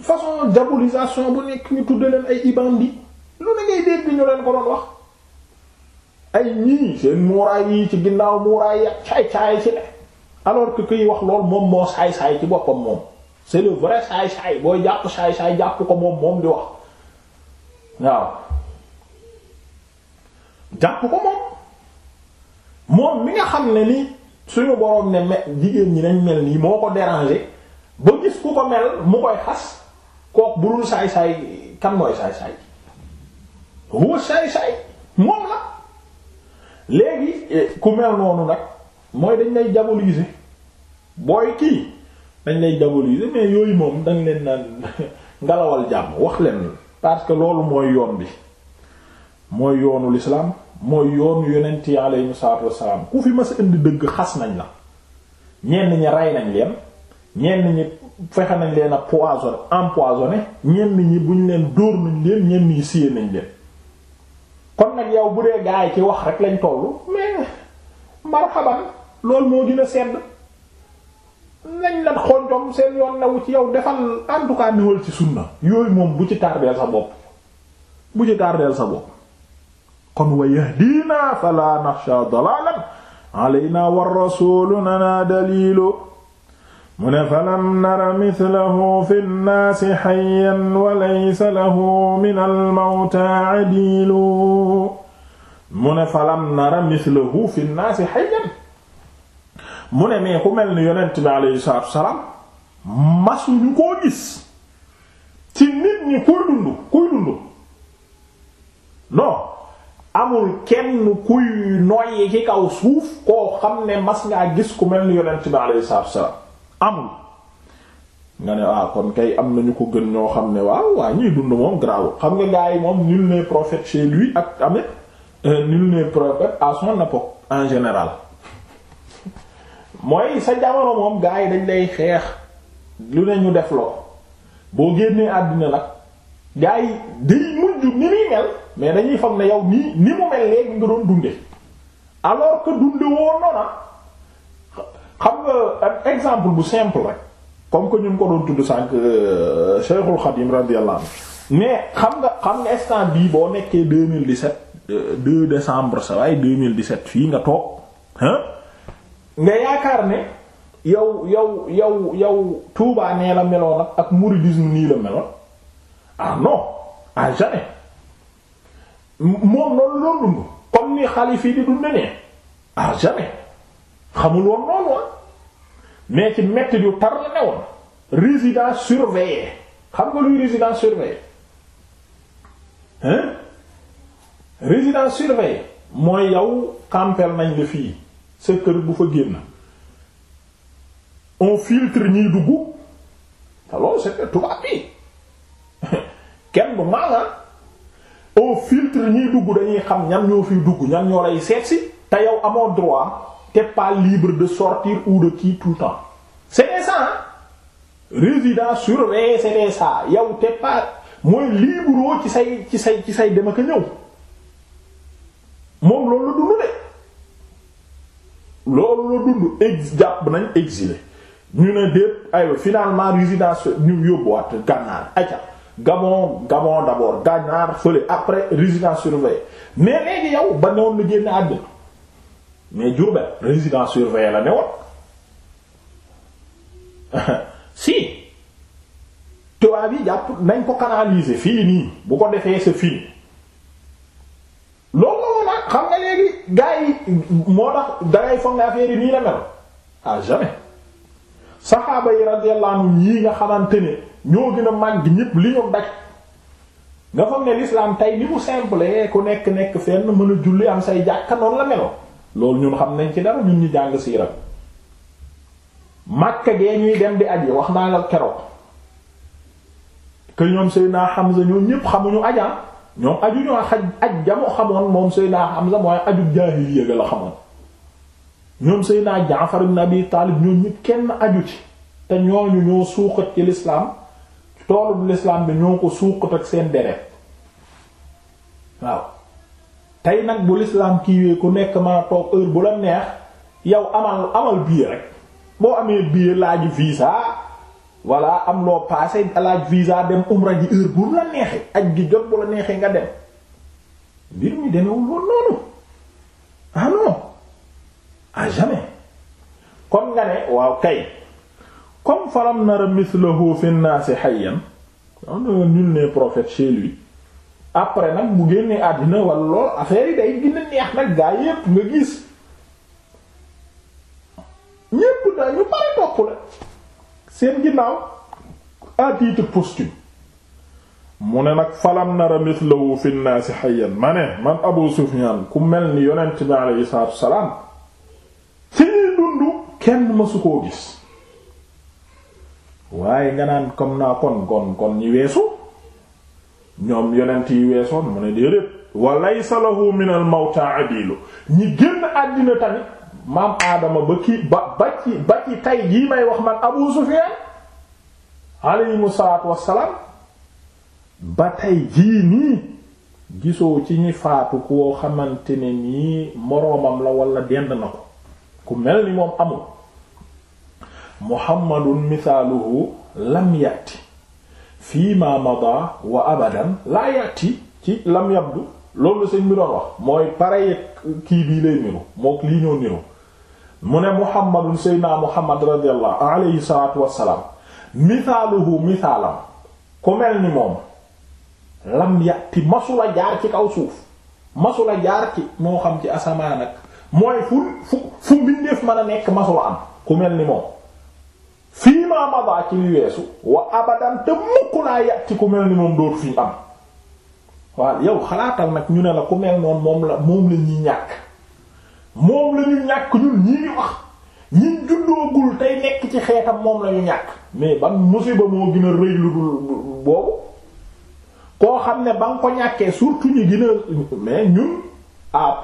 façon diabolisation bu nekk ñu tudde leen ay ibandi lu ne ngay dégg ñu leen ko doon wax ay ñii seen muuraay yi ci ginnaaw muuraay yi ak caay-caay ci ne alors que kuy wax lool moom moo saay-saay ci boppam moom c'est le vrai saay-saay booy jàpp saay-saay jàpp ko moom moom di wax waaw jàpp ko moom moom mi nga xam ne ni suñu boroom ne me jigéen ñi nañ mel nii moo ko déranger ba gis ku ko mel mu koy xas kook bu dul saay-saay kan mooy saay-saay huwa saay-saay moom la léegi eh, ku mel noonu nag mooy dañ lay diaboliser booy kii dañ lay diaboliser mais yooyu moom dañ leen naan ngalawal jàmm wax leen parce que loolu mooy yoon bi mooy yoonu lislaam mooy yoonu yonent yi aleyhim salaatu wassalaam ku fi mas indi dëgg xas nañ la ñenn ñi rey nañ leen ñenn ñi fexe nañ leen a poisonné empoisonné ñenn ñi buñ leen dóor nañ leen ñenn ñi siyee nañ leen kon nag yow bu dee gaay ci wax rek lañ tollu mais marhaban loolu moo dina a sedd nañ la xonjom seen yoon nawu ci yow defal en tout cas niwal ci sunna yooyu moom bu ci tardeel sa bopp bu ci tardeel sa bopp kon wa yahdina fala naxsha dalalan alayna wa rasuluna na dalilu mu ne falam nara mithlahu fi nnaasi hayyan wa laysa lahu min almawta adilu mu ne falam nara mithlahu fi nnaasi hayyan mu ne mais ku mel ni yonent bi aleyhi salaatu wasalaam masuñu koo gis ci nit ñi kuy dund kuy dund non amul kenn kuy noyyi ci kaw suuf koo xam ne mas ngaa gis ku mel ni yonent bi alayhi salaatu amul nga ne waaw ah, kon kay am nañu ko gën ñoo xam ne waaw waa ñuy dund moom garaawul xam nga gars yi moom nul n'est prophète chez lui ak ame euh, nul à son époque en général mooy sa jamono moom gars yi dañ lay xeex lu ne ñu def loo boo génnee àddina nag gars yi day mujj ni muy mel mais dañuy foog na yow nii ni mu mel léegi nga doon dunde alors que dunde woo noona xam nga ak exemple bu simple rek comme que ñun ko doon tudd sànq euh, Cheikhul Khadim radiyallahu anhu mais xam nga xam nga instant bii boo nekkee deux 2017 2 euh, décembre sa waaye 2017 fii nga toog hein nga yaakaar ne yow yow yow yow Touba nee la meloon ak ak mouridisme nii la meloon ah non ah jamais moom loolu loolu dund comme ni xalif yi di dunde nee ah jamais xamul ah. mais ci métti yu tar la ne woon résidence surveillée xam nga luy résidence surveillée hein résidence surveillée mooy yow campel nañ la fii sa kër bu fa génn on filtre ñiy dugg te loolu c'est tubaab bi kenn du maanaam ah. au filtre ñiy dugg dañuy xam ñan ñoo fiy dugg ñan ñoo lay seet si te yow amoo droit t'es pas libre de sortir ou de qui tout le temps c'est ça résidence surveillée c'est ça yow t'es pas mooy libre ci say ci say dem ak ñëw moom loolu la dund de loolu la dund ex jàpp nañ exilé ñu ne déet aywa finalement résidence ñu yóbbuwaat gànnaar acca Gabon Gabon d'abord Ganaar fële après résidence surveillée mais léegi yow ba newoon la génn àdduna mais Diourbel résidence surveillée la newoon si tubaab yi jàpp nañ ko canaliser fii nii bu ko defee c'est fini loolu la woon ah, xam nga léegi gars moo tax dangay foog nga affaire yi nii la mel ah jamais. saxaaba yi radiyallahu yi nga xamante ne ñoo gën a màgg ñépp li ñu daj nga fam ne l'islam tey ni mu simple ku nekk nekk fenn mën a julli am say jàkka noonu la melo loolu ñun xam nañ ci dara ñun ñu jàng siira Makka gee ñuy dem di aji wax naa la keroog que ñoom naa Hamza ñoom ñépp xamuñu aja ñoom aju ñoo xaj aj jamu xamoon moom Seydina Hamza mooy aju a la xamoon ñoom Seydina Jaafar ibn Abi Taalib ñoom ñëpp kenn aju ci te ñooñu ñoo suuxat ci lislaam toolu lislaam bi ñoo ko suuxat ak seen deret waaw tey nag bu lislaam kiiwee ku nekk mën toog heure bu la neex yow amal amal billet rek boo amee billet laaj visa walla am loo paase laaj visa dem umra ji heure bu la neexee aj gi jot bu la neexee nga dem mbir mi demewul woon noonu ah à jamais kon nga ne waaw kay comme faram nara mithlahu fi naasi hayyan on nul n'est après nag mu génnee àddina wala lool affaire day gën neex nag gaa yépp nga gis ñépp dañu bari topp la seen ginnaaw à titre posthume mu ne nag falam nara mithlahu fi naasi ma ne man Abu Sufyan ku mel ni yonent bi alayhi salaam kenn mësu koo gis waaye nga naan comme naa kon kon kon ñi weesu ñoom yonent yi weesoon mu ne déedéet wa min al abilu ñi génn àddina tamit maam aadama ba kii ba ba ci ba ci tay jii may wax man abu sufyan aleyhimu salaatu wassalaam ba tay jii nii gisoo ci ñi faatu koo xamante ne nii moroomam la wala dend na ko ku mel ni moom amul muhammadun misaaluhu lam yàtti fii ma mada wa abadan laa yàtti ci lam yabdu loolu sëñ bi doon wax mooy pare kii bii lay niru mook lii ñoo niru mu ne muhammadun seydna muhammad radiyallahu alayhi salaatu wassalaam misaaluhu misaalam ku mel ni moom lam yàtti masula jaar ci kaw suuf masula jaar ci moo xam ci asamaan ak mooy fu fu fu mbindeef mën a nekk masula am ku mel ni moom fii ma ci li weesu wa abadan te mukk laa yàtti ku mel ni moom dootu fi am waaw yow xalaatal nag ñu ne la ku mel noonu moom la moom la ñuy ñàkk moom la ñu ñàkk ñun ñii wax ñi juddoogul tey nekk ci xeetam moom la ñu ñàkk mais ban musiba moo gën a rëy lu dul boobu koo xam ne ba nga ko ñàkkee surtout ñi gën mais ñun ah,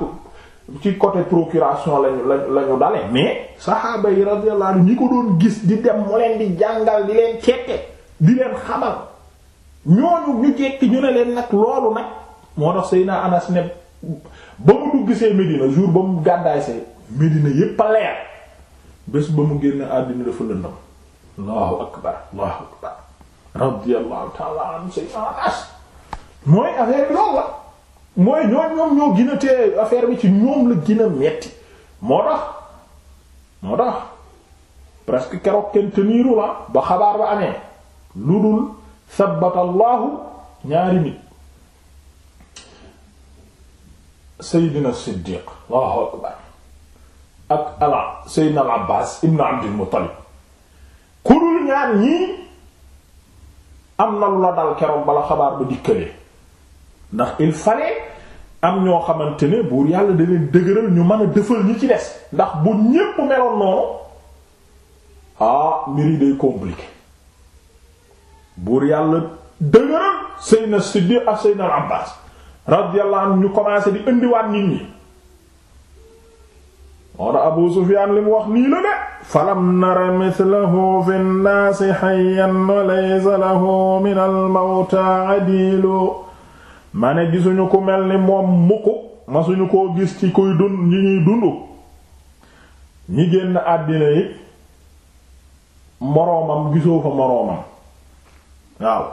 ci côté procuration lañu lañu lañu dale mais saxaaba yi radiyallahu anhu ñi ko doon gis di dem mu leen di jàngal di leen ceete di leen xamal ñooñu ñu jekki ñu ne leen nag loolu nag moo tax Seydina Anas ne ba mu dugg see Medina jour ba mu gàddaay see Medina yépp leer bés ba mu génn àddina dafa lëndam allahu akbar allahu akbar radiyallahu ta'ala anhu Seydina Anas mooy affaire loolu la mooy ñooñ ñoom ñoo gën a bi ci ñoom la gën metti moo tax moo tax presque keroog kenn teniiru la ba xabaar ba amee lu dul sabbatallaahu ñaari nit seydina siddiq allahu akbar ak ala seydina al ibn abdil muttalib ku dul ñaar ñii am na lu la dal keroog bala xabaar ba dikkalee ndax il fallait am ñoo xamante ni buur yàlla da leen dëgëral ñu mën a dëfal ñi ci des ndax bu ñépp meloon noonu ah mbir yi day compliqué buur yàlla dëgëral Seydina Siddiq ak Seydina Abbas radiyallahu ñu commencé di indiwaat nit ñi moo Abu Sufyaan li mu wax nii la de falam nara mithlahu fi nnaasi hayyan wa laysa lahu min al-mawta ma ne gisuñu ku mel ni moom mukk masuñu koo gis ci kuy dund ñi ñuy dund ñi génn àddina yi moroomam gisoo fa moroomam waaw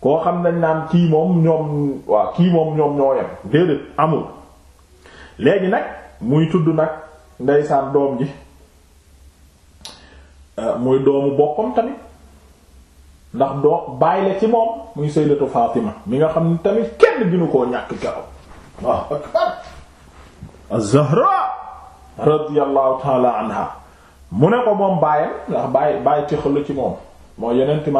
koo xam nañ naan kii moom ñoom waaw kii moom ñoom ñoo yem déedéet amul léegi nag muy tudd nag ndeysaan doom ji euh, muy doomu bokkam tamit ndax doo bàyyi ci moom muy sayyidatu Fatima mi nga xam ne tamit kenn ginu koo ñàkk keroog waaw akbar az-Zahra radiyallahu ta'ala anha mu ne ko moom bàyyam ndax bàyyi bàyyi texalu ci moom moo yeneenti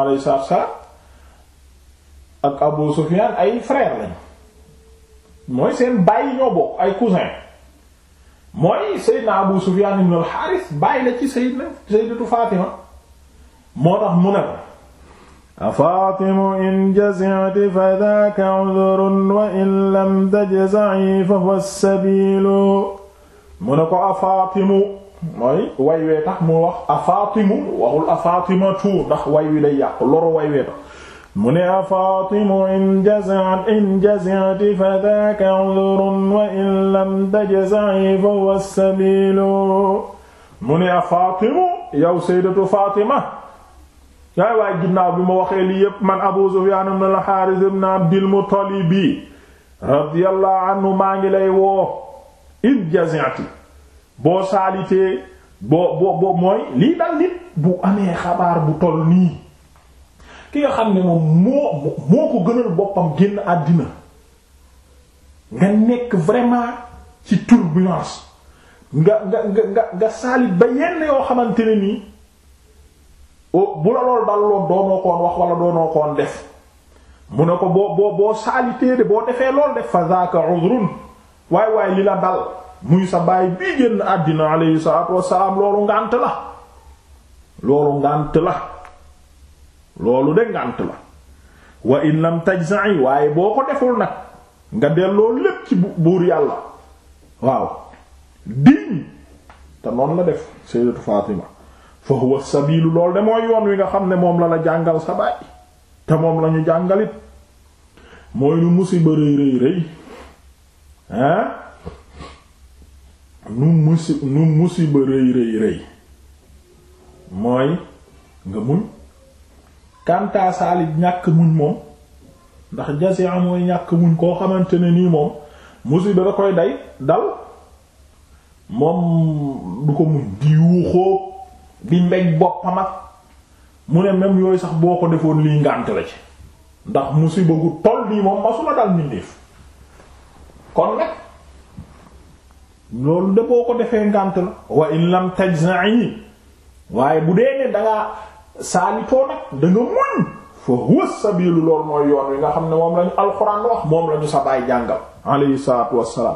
mooy seen bàyyi ñoo bokk ay cousin mooy Seydina Abu Sufyan ibn al bàyyi la ci Seydina Sayyidatu Fatima moo tax mu ne ko afaatimu in jaziti fa daaka udurun wa in lam tajzaci fa huwa sabilu mu ne ko afaatimu mooy way wee tax mu wax afaatimu waxul afaatimatu ndax way wi day yàqu loru way wee tax mu ne afaatimu in jaziti in jaziti fa daaka udurun wa in lam tajzaci fa huwa sabilu mu ne afaatimu yow sayyidatu Faatima yaay waay ginnaaw bi ma waxee lii yépp man Abu Sufyaan ibn al-Haaris ibn Abdil Muttalib radiyallahu anhu maa ngi lay woo id jazi'ti boo saalitee boo boo boo mooy lii dal nit bu amee xabaar bu toll nii ki nga xam ne moom moo moo ko gënal boppam génn àddina nga nekk vraiment ci turbulence nga nga nga nga saalit ba yenn yoo xamante ne nii bu la lool dal loon doonoo koon wax wala doonoo koon def mu ne ko boo boo boo saalitéede boo defee lool def fa zaaka udrun waay waay li la dal muy sa baay bii génn àddina alayhi salaatu wassalaam loolu ngànt la loolu ngànt la loolu de ngànt la wa in lam tajza'i waaye boo ko deful nag nga delloo lépp ci buur yàlla waaw diñ te noonu la def sayyidatu Fatima foofu huwa sabilu lool de mooy yoon wi nga xam ne moom la la jàngal sa te moom lañu jàngalit mooy nu musiba rëy rëy rëy mooy nga muñ kàntaa ñàkk muñ moom ndax jasia mooy ñàkk muñ koo xamante ne nii moom musiba da koy day dal moom du ko muñ di yuuxoo bi mbéj boppam ak mu ne même yooyu sax boo ko defoon lii ngànt la ci ndax musiba gu toll nii moom masula dal mbindeef kon nag loolu de boo ko defee ngànt la wa in lam tajza'i waaye bu dee ne dangaa saalitoo nag da nga muñ fa huwa sabilu loolu mooy yoon wi nga xam ne moom lañu alxuraan wax moom lañu sa baay jàngal alayhi salaatu wassalaam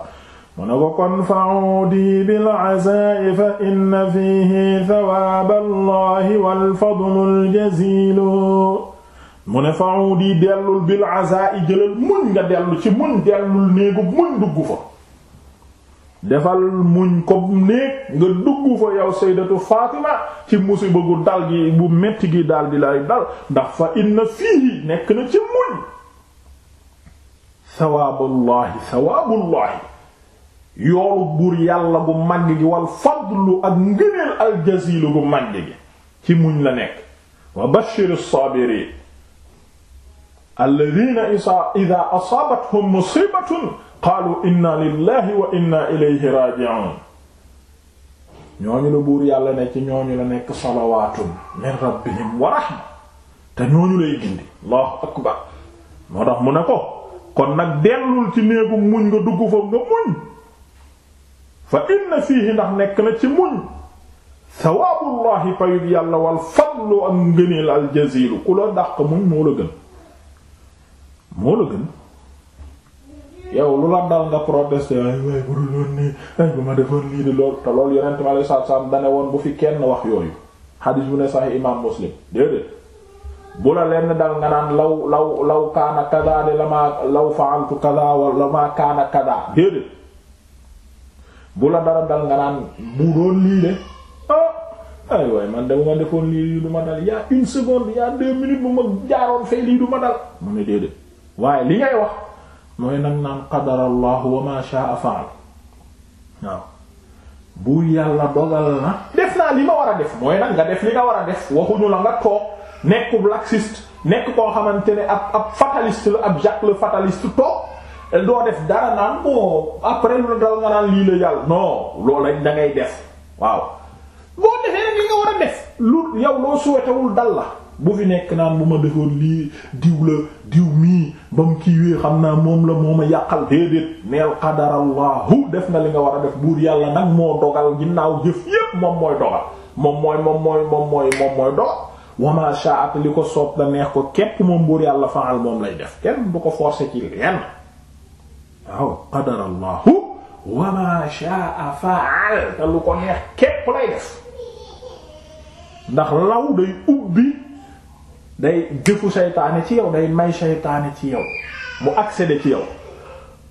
mu ne ko kon fa'udi bil azaa'i fa inna fiihi thawaaba allahi wal fadlul mu ne fa'udi dellul bil azaa'i jëlal muñ nga dellu ci muñ dellul néegu muñ dugg fa defal muñ nga dugg fa yow sayyidatu Fatima ci musiba gi bu metti gi dal di lay dal ndax fa inna fiihi nekk na ci muñ thawaabullahi thawaabullahi yoolu buur yàlla bu màgg gi wal fadlu ak ngëneel aljazilu bu màgg gi ci muñ la nekk wa bashir as-sabirin alladhina idha asabathum musibatun qaalu inna lillahi wa inna ilayhi raji'un ñooñu la buur yàlla ne ci ñooñu la nekk salawaatun min rabbihim wa rahma te ñooñu lay gindi allahu akbar moo tax mu ne ko kon nag dellul ci néegu muñ nga dugg fa nga muñ fa inna fiihi ndax nekk na ci muñ sawaabullahi payub yàlla wal fadlu ak ngëneel al jazilu ku la dàq muñ moo la gën moo la gën yow lu la dal nga protester ay waaye bu dul woon nii ay bu ma defoon lii di lool te loolu yonent mi alayhi salaatu salaam dane woon bu fi kenn wax yooyu xadiis bu ne sax imaam muslim déedéet bu la lenn dal nga naan law law law kaana kadaa de la maa law fa'altu kadaa wala maa kaana kadaa déedéet bu la dara dal nga naan bu doon lii de ah, ay waay man de bu ma defoon lii du ma dal y'a une seconde y'a deux minutes bu ma jaaroon fay lii du ma dal mu ne déedéet waaye li ngay wax mooy nag naan qadarallahu wa ma sha'a fa'al waaw bu yàlla dogal na def naa li ma war a def mooy nag nga def li nga war a def waxuñu la nga toog nekk laxiste nekk koo xamante ne ab ab fataliste la ab Jacques le fataliste toog doo def dara naan après lu dal nga naan lii la yàlla non loolu lañ da def waaw boo defee rek li nga war a def lu yow loo suwetewul dal la bu fi nekk naan bu ma defoon lii diw la diw mii ba mu kiiwee xam naa moom la moo ma yàqal déedéet neel qadarallahu def na li nga war a def buur yàlla nag moo dogal ginnaaw jëf yépp moom mooy dogal moom mooy moom mooy moom mooy dogal wama sha'a ko soob la neex ko képp moom buur yàlla faal moom lay def kenn du ko forcer waaw qadara allahu wa ma sha'a fa'al te lu ko neex képp lay def ndax law day ubbi day jëfu seytaane ci yow day may seytaane ci yow mu accéder ci yow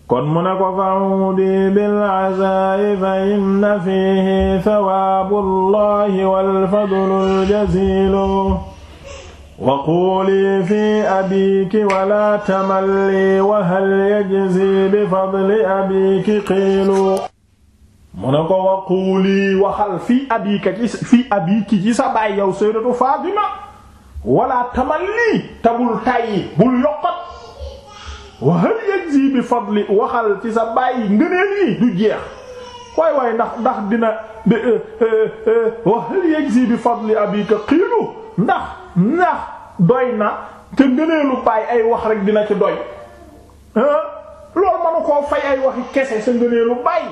kon mu ne ko fa'udi bil asa'i fa inna fihi thawabu allahi wal fadlul jazilu waquuli fi abiki wala tamalli wa hal yajzi bi fadli abiki qiilu mu ne fi abika ci fi abiki ci sa baay yow sayyidatu Fatima wala tamalli tabul tayyi bul yokkat wa hal ci sa baay du jeex waay waay ndax ndax dina eh, eh, eh, wa hal yajzi bi fadli abika qiilu ndax ndax doy na te ngëneelu baay ay wax rek dina ci doy loolu manu koo fay ay waxi kese sa ngëneelu baay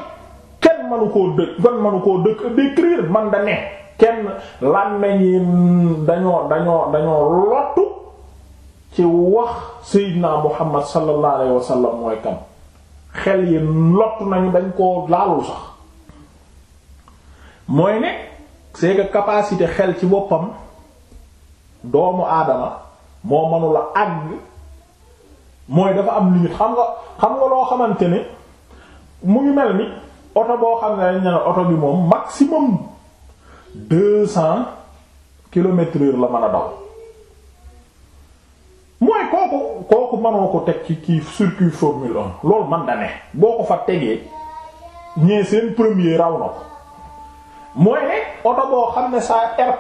kenn manu koo dëkk gon manu koo dëkk décrire man da ne kenn làmmeñ yi dañoo dañoo dañoo lottu ci wax Seydina Muhammad sallallahu alayhi wa sallam mooy kam xel yi lottu nañu dañ koo laalul sax mooy ne c'est que capacité xel ci boppam doomu aadama moo manula àgg mooy dafa am limite xam nga xam nga loo xamante ne mu ngi mel ni oto boo xam ne dañ ne oto bi moom maximum deux cents kilomètres la mën a daw mooy kooku kooku mënoo ko teg ci kii circuit formule 1 loolu man da ne boo ko fa tegee ñee seen premier raw na ko mooy ne oto boo xam ne sa r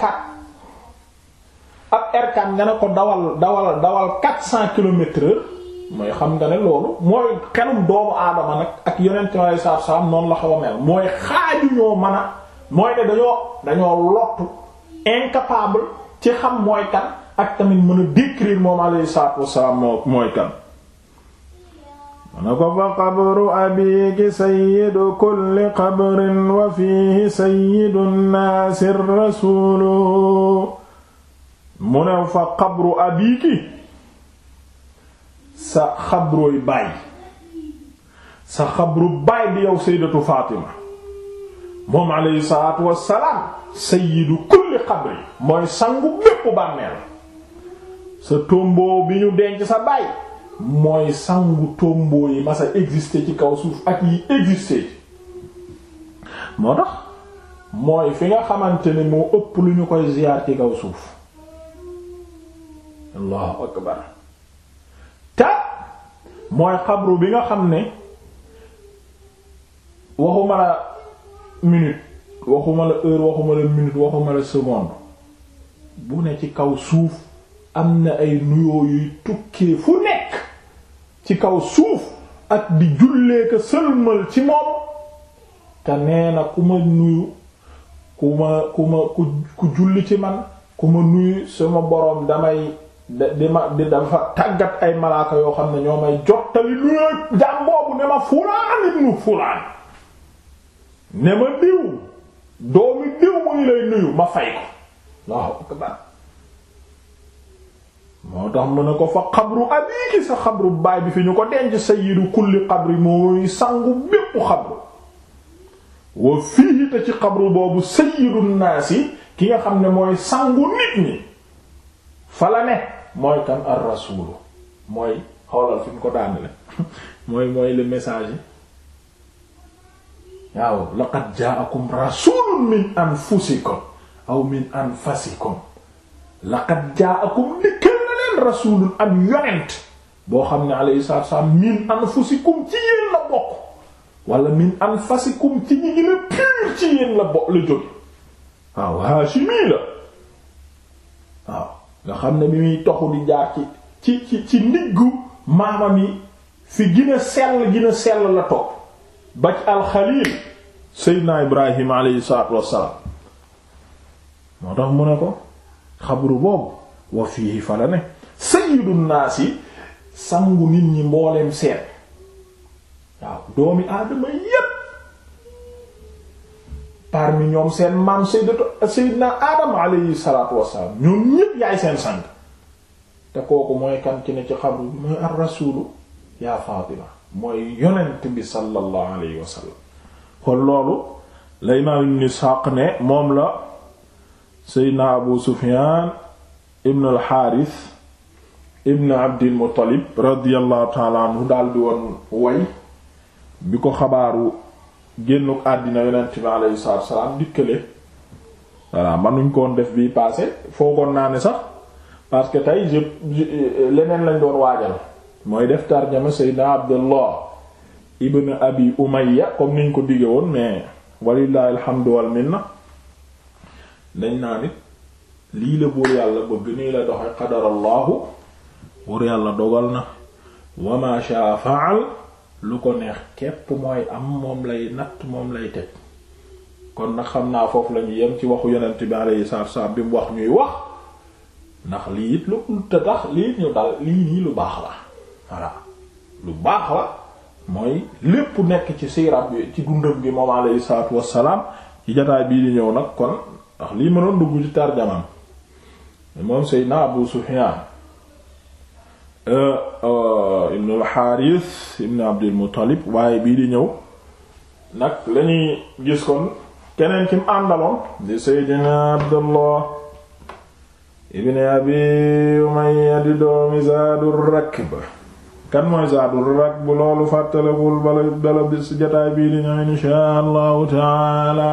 ab R4 nga ne ko dawal dawal dawal quatre cent kilomètres heure mooy xam nga ne loolu mooy xelum doomu aadama nag ak yonent mi alayhi salaatu salaam la xaw a mel mooy xaaju ñoo a mooy ne dañoo dañoo lottu incapable ci xam mooy kan ak tamit mën a décrire moom alayhi salaatu wassalaam moo mooy kan na ko fa qabru abiki sayyidu kulli qabrin wa fiihi sayyidu nnaasi rasuulu mu ne fa xabru abiki sa xabrooy baay sa xabru baay bi yow sayyidatu Fatima moom alayhi salaatu wassalaam sayyidu kulli xabri mooy sangu bépp bàmmeel sa tombo bi ñu denc sa baay mooy sangu tombo yi masa exister ci kaw suuf ak yi exister moo tax mooy fi nga xamante ne moo ëpp lu ñu koy ziyaar ci kaw suuf allahu akbar ta mooy xabru bi nga xam ne waxuma la minute waxuma la heure waxuma la minute waxuma la seconde bu ne ci kaw suuf am na ay nuyoo yuy tukkee fu nekk ci kaw suuf ak di jullee ko sëlmal ci moom te nee na ku ma nuyu ku ma ku ma ku julli ci man ku ma nuyu suma borom damay di ma di dafa tàggat ay malaaka yoo xam ne ñoo may jottali lu ne jàm boobu ne ma fulaan ibnu fulaan ne ma diw doomi diw mu ngi lay nuyu ma fay ko Allahu moo tax mën na ko fa xabru abiki sa xabru baay bi fi ñu ko denc sayyidu kulli xabri mooy sangu bépp xabru wa fii te ci xabru boobu sayyidu naasi ki nga xam ne mooy sangu nit ñi fa la ne mooy tam ar rasulu mooy xoolal fi ko daanale mooy mooy le message waaw laqad ja'akum rasulun min anfusikum aw min anfasikum laqad ja'akum dikkal na leen rasulun ak yonent boo xam ne alayhi salaatu wassalaam min anfusikum ci yéen la bokk wala min anfasikum ci ñi gën a pur ci yéen la bokk la jóge waaw haashimi la waaw nga xam ne bi muy toxu di jaar ci ci ci ci ndiggu maamam yi fi gina sell gina sell la topp ba ci alxaliil seydina ibrahim aleyhi salaatu wassalaam moo tax mu ne ko xabru boobu wa fii fa la ne sayyidu naas yi sangu nit ñi mboolem seet waaw doomi aadama yépp parmi ñoom seen maam sayyidatu sayyidna adam alayhi salatu wassalam ñoom ñépp yaay seen sang te kooku mooy kan ci ne ci xabru bi mooy ar yaa Fatima mooy yonent bi sallallahu alayhi wasallam kon loolu la imaam ibn Isxaaq ne moom la sayyidna Abu Sufyan ibn al-Harith ibn Abdil Muttalib radiyallahu daal di woon way bi ko xabaaru génnuk àddina yonent bi alayhi salaatu wassalaam dikkale voilà nuñ koon def bii paase foogoon naa ne sax parce que tey je leneen lañ doon waajal mooy def tarjama Seydina Abdullah ibn Abi Umayya comme niñ ko digge woon mais walillahi alhamdu wal minna dañ naa nit lii la buur yàlla bëgg nii la doxe qadarallahu buur yàlla dogal na wa ma lu ko neex képp mooy am moom lay natt moom lay teg kon nag xam naa foofu la ñu yem ci waxu yonent bi alayhi salaatu salaam bi mu wax ñuy wax ndax lii it lu te tax lii ñu dal lii nii lu baax la voilà lu baax la mooy lépp nekk ci siirab bi ci dundam bi moom alayhi salaatu wassalaam ci jotaay bii di ñëw nag kon ndax lii mënoon dugg ci tarjamaam moom Seydina Abu Sufyaan Euh, euh, ibn al-Harith ibn Abdul Muttalib waaye bii di ñëw nag lañuy gis keneen ki mu àndaloon Seydina Abdullah ibn Abi Umayya di doomi Zaadur Rakb kan mooy Zaadur Rakb loolu fàttalekul bala dala bis jataay bii di ñëw inshaa Allahu taala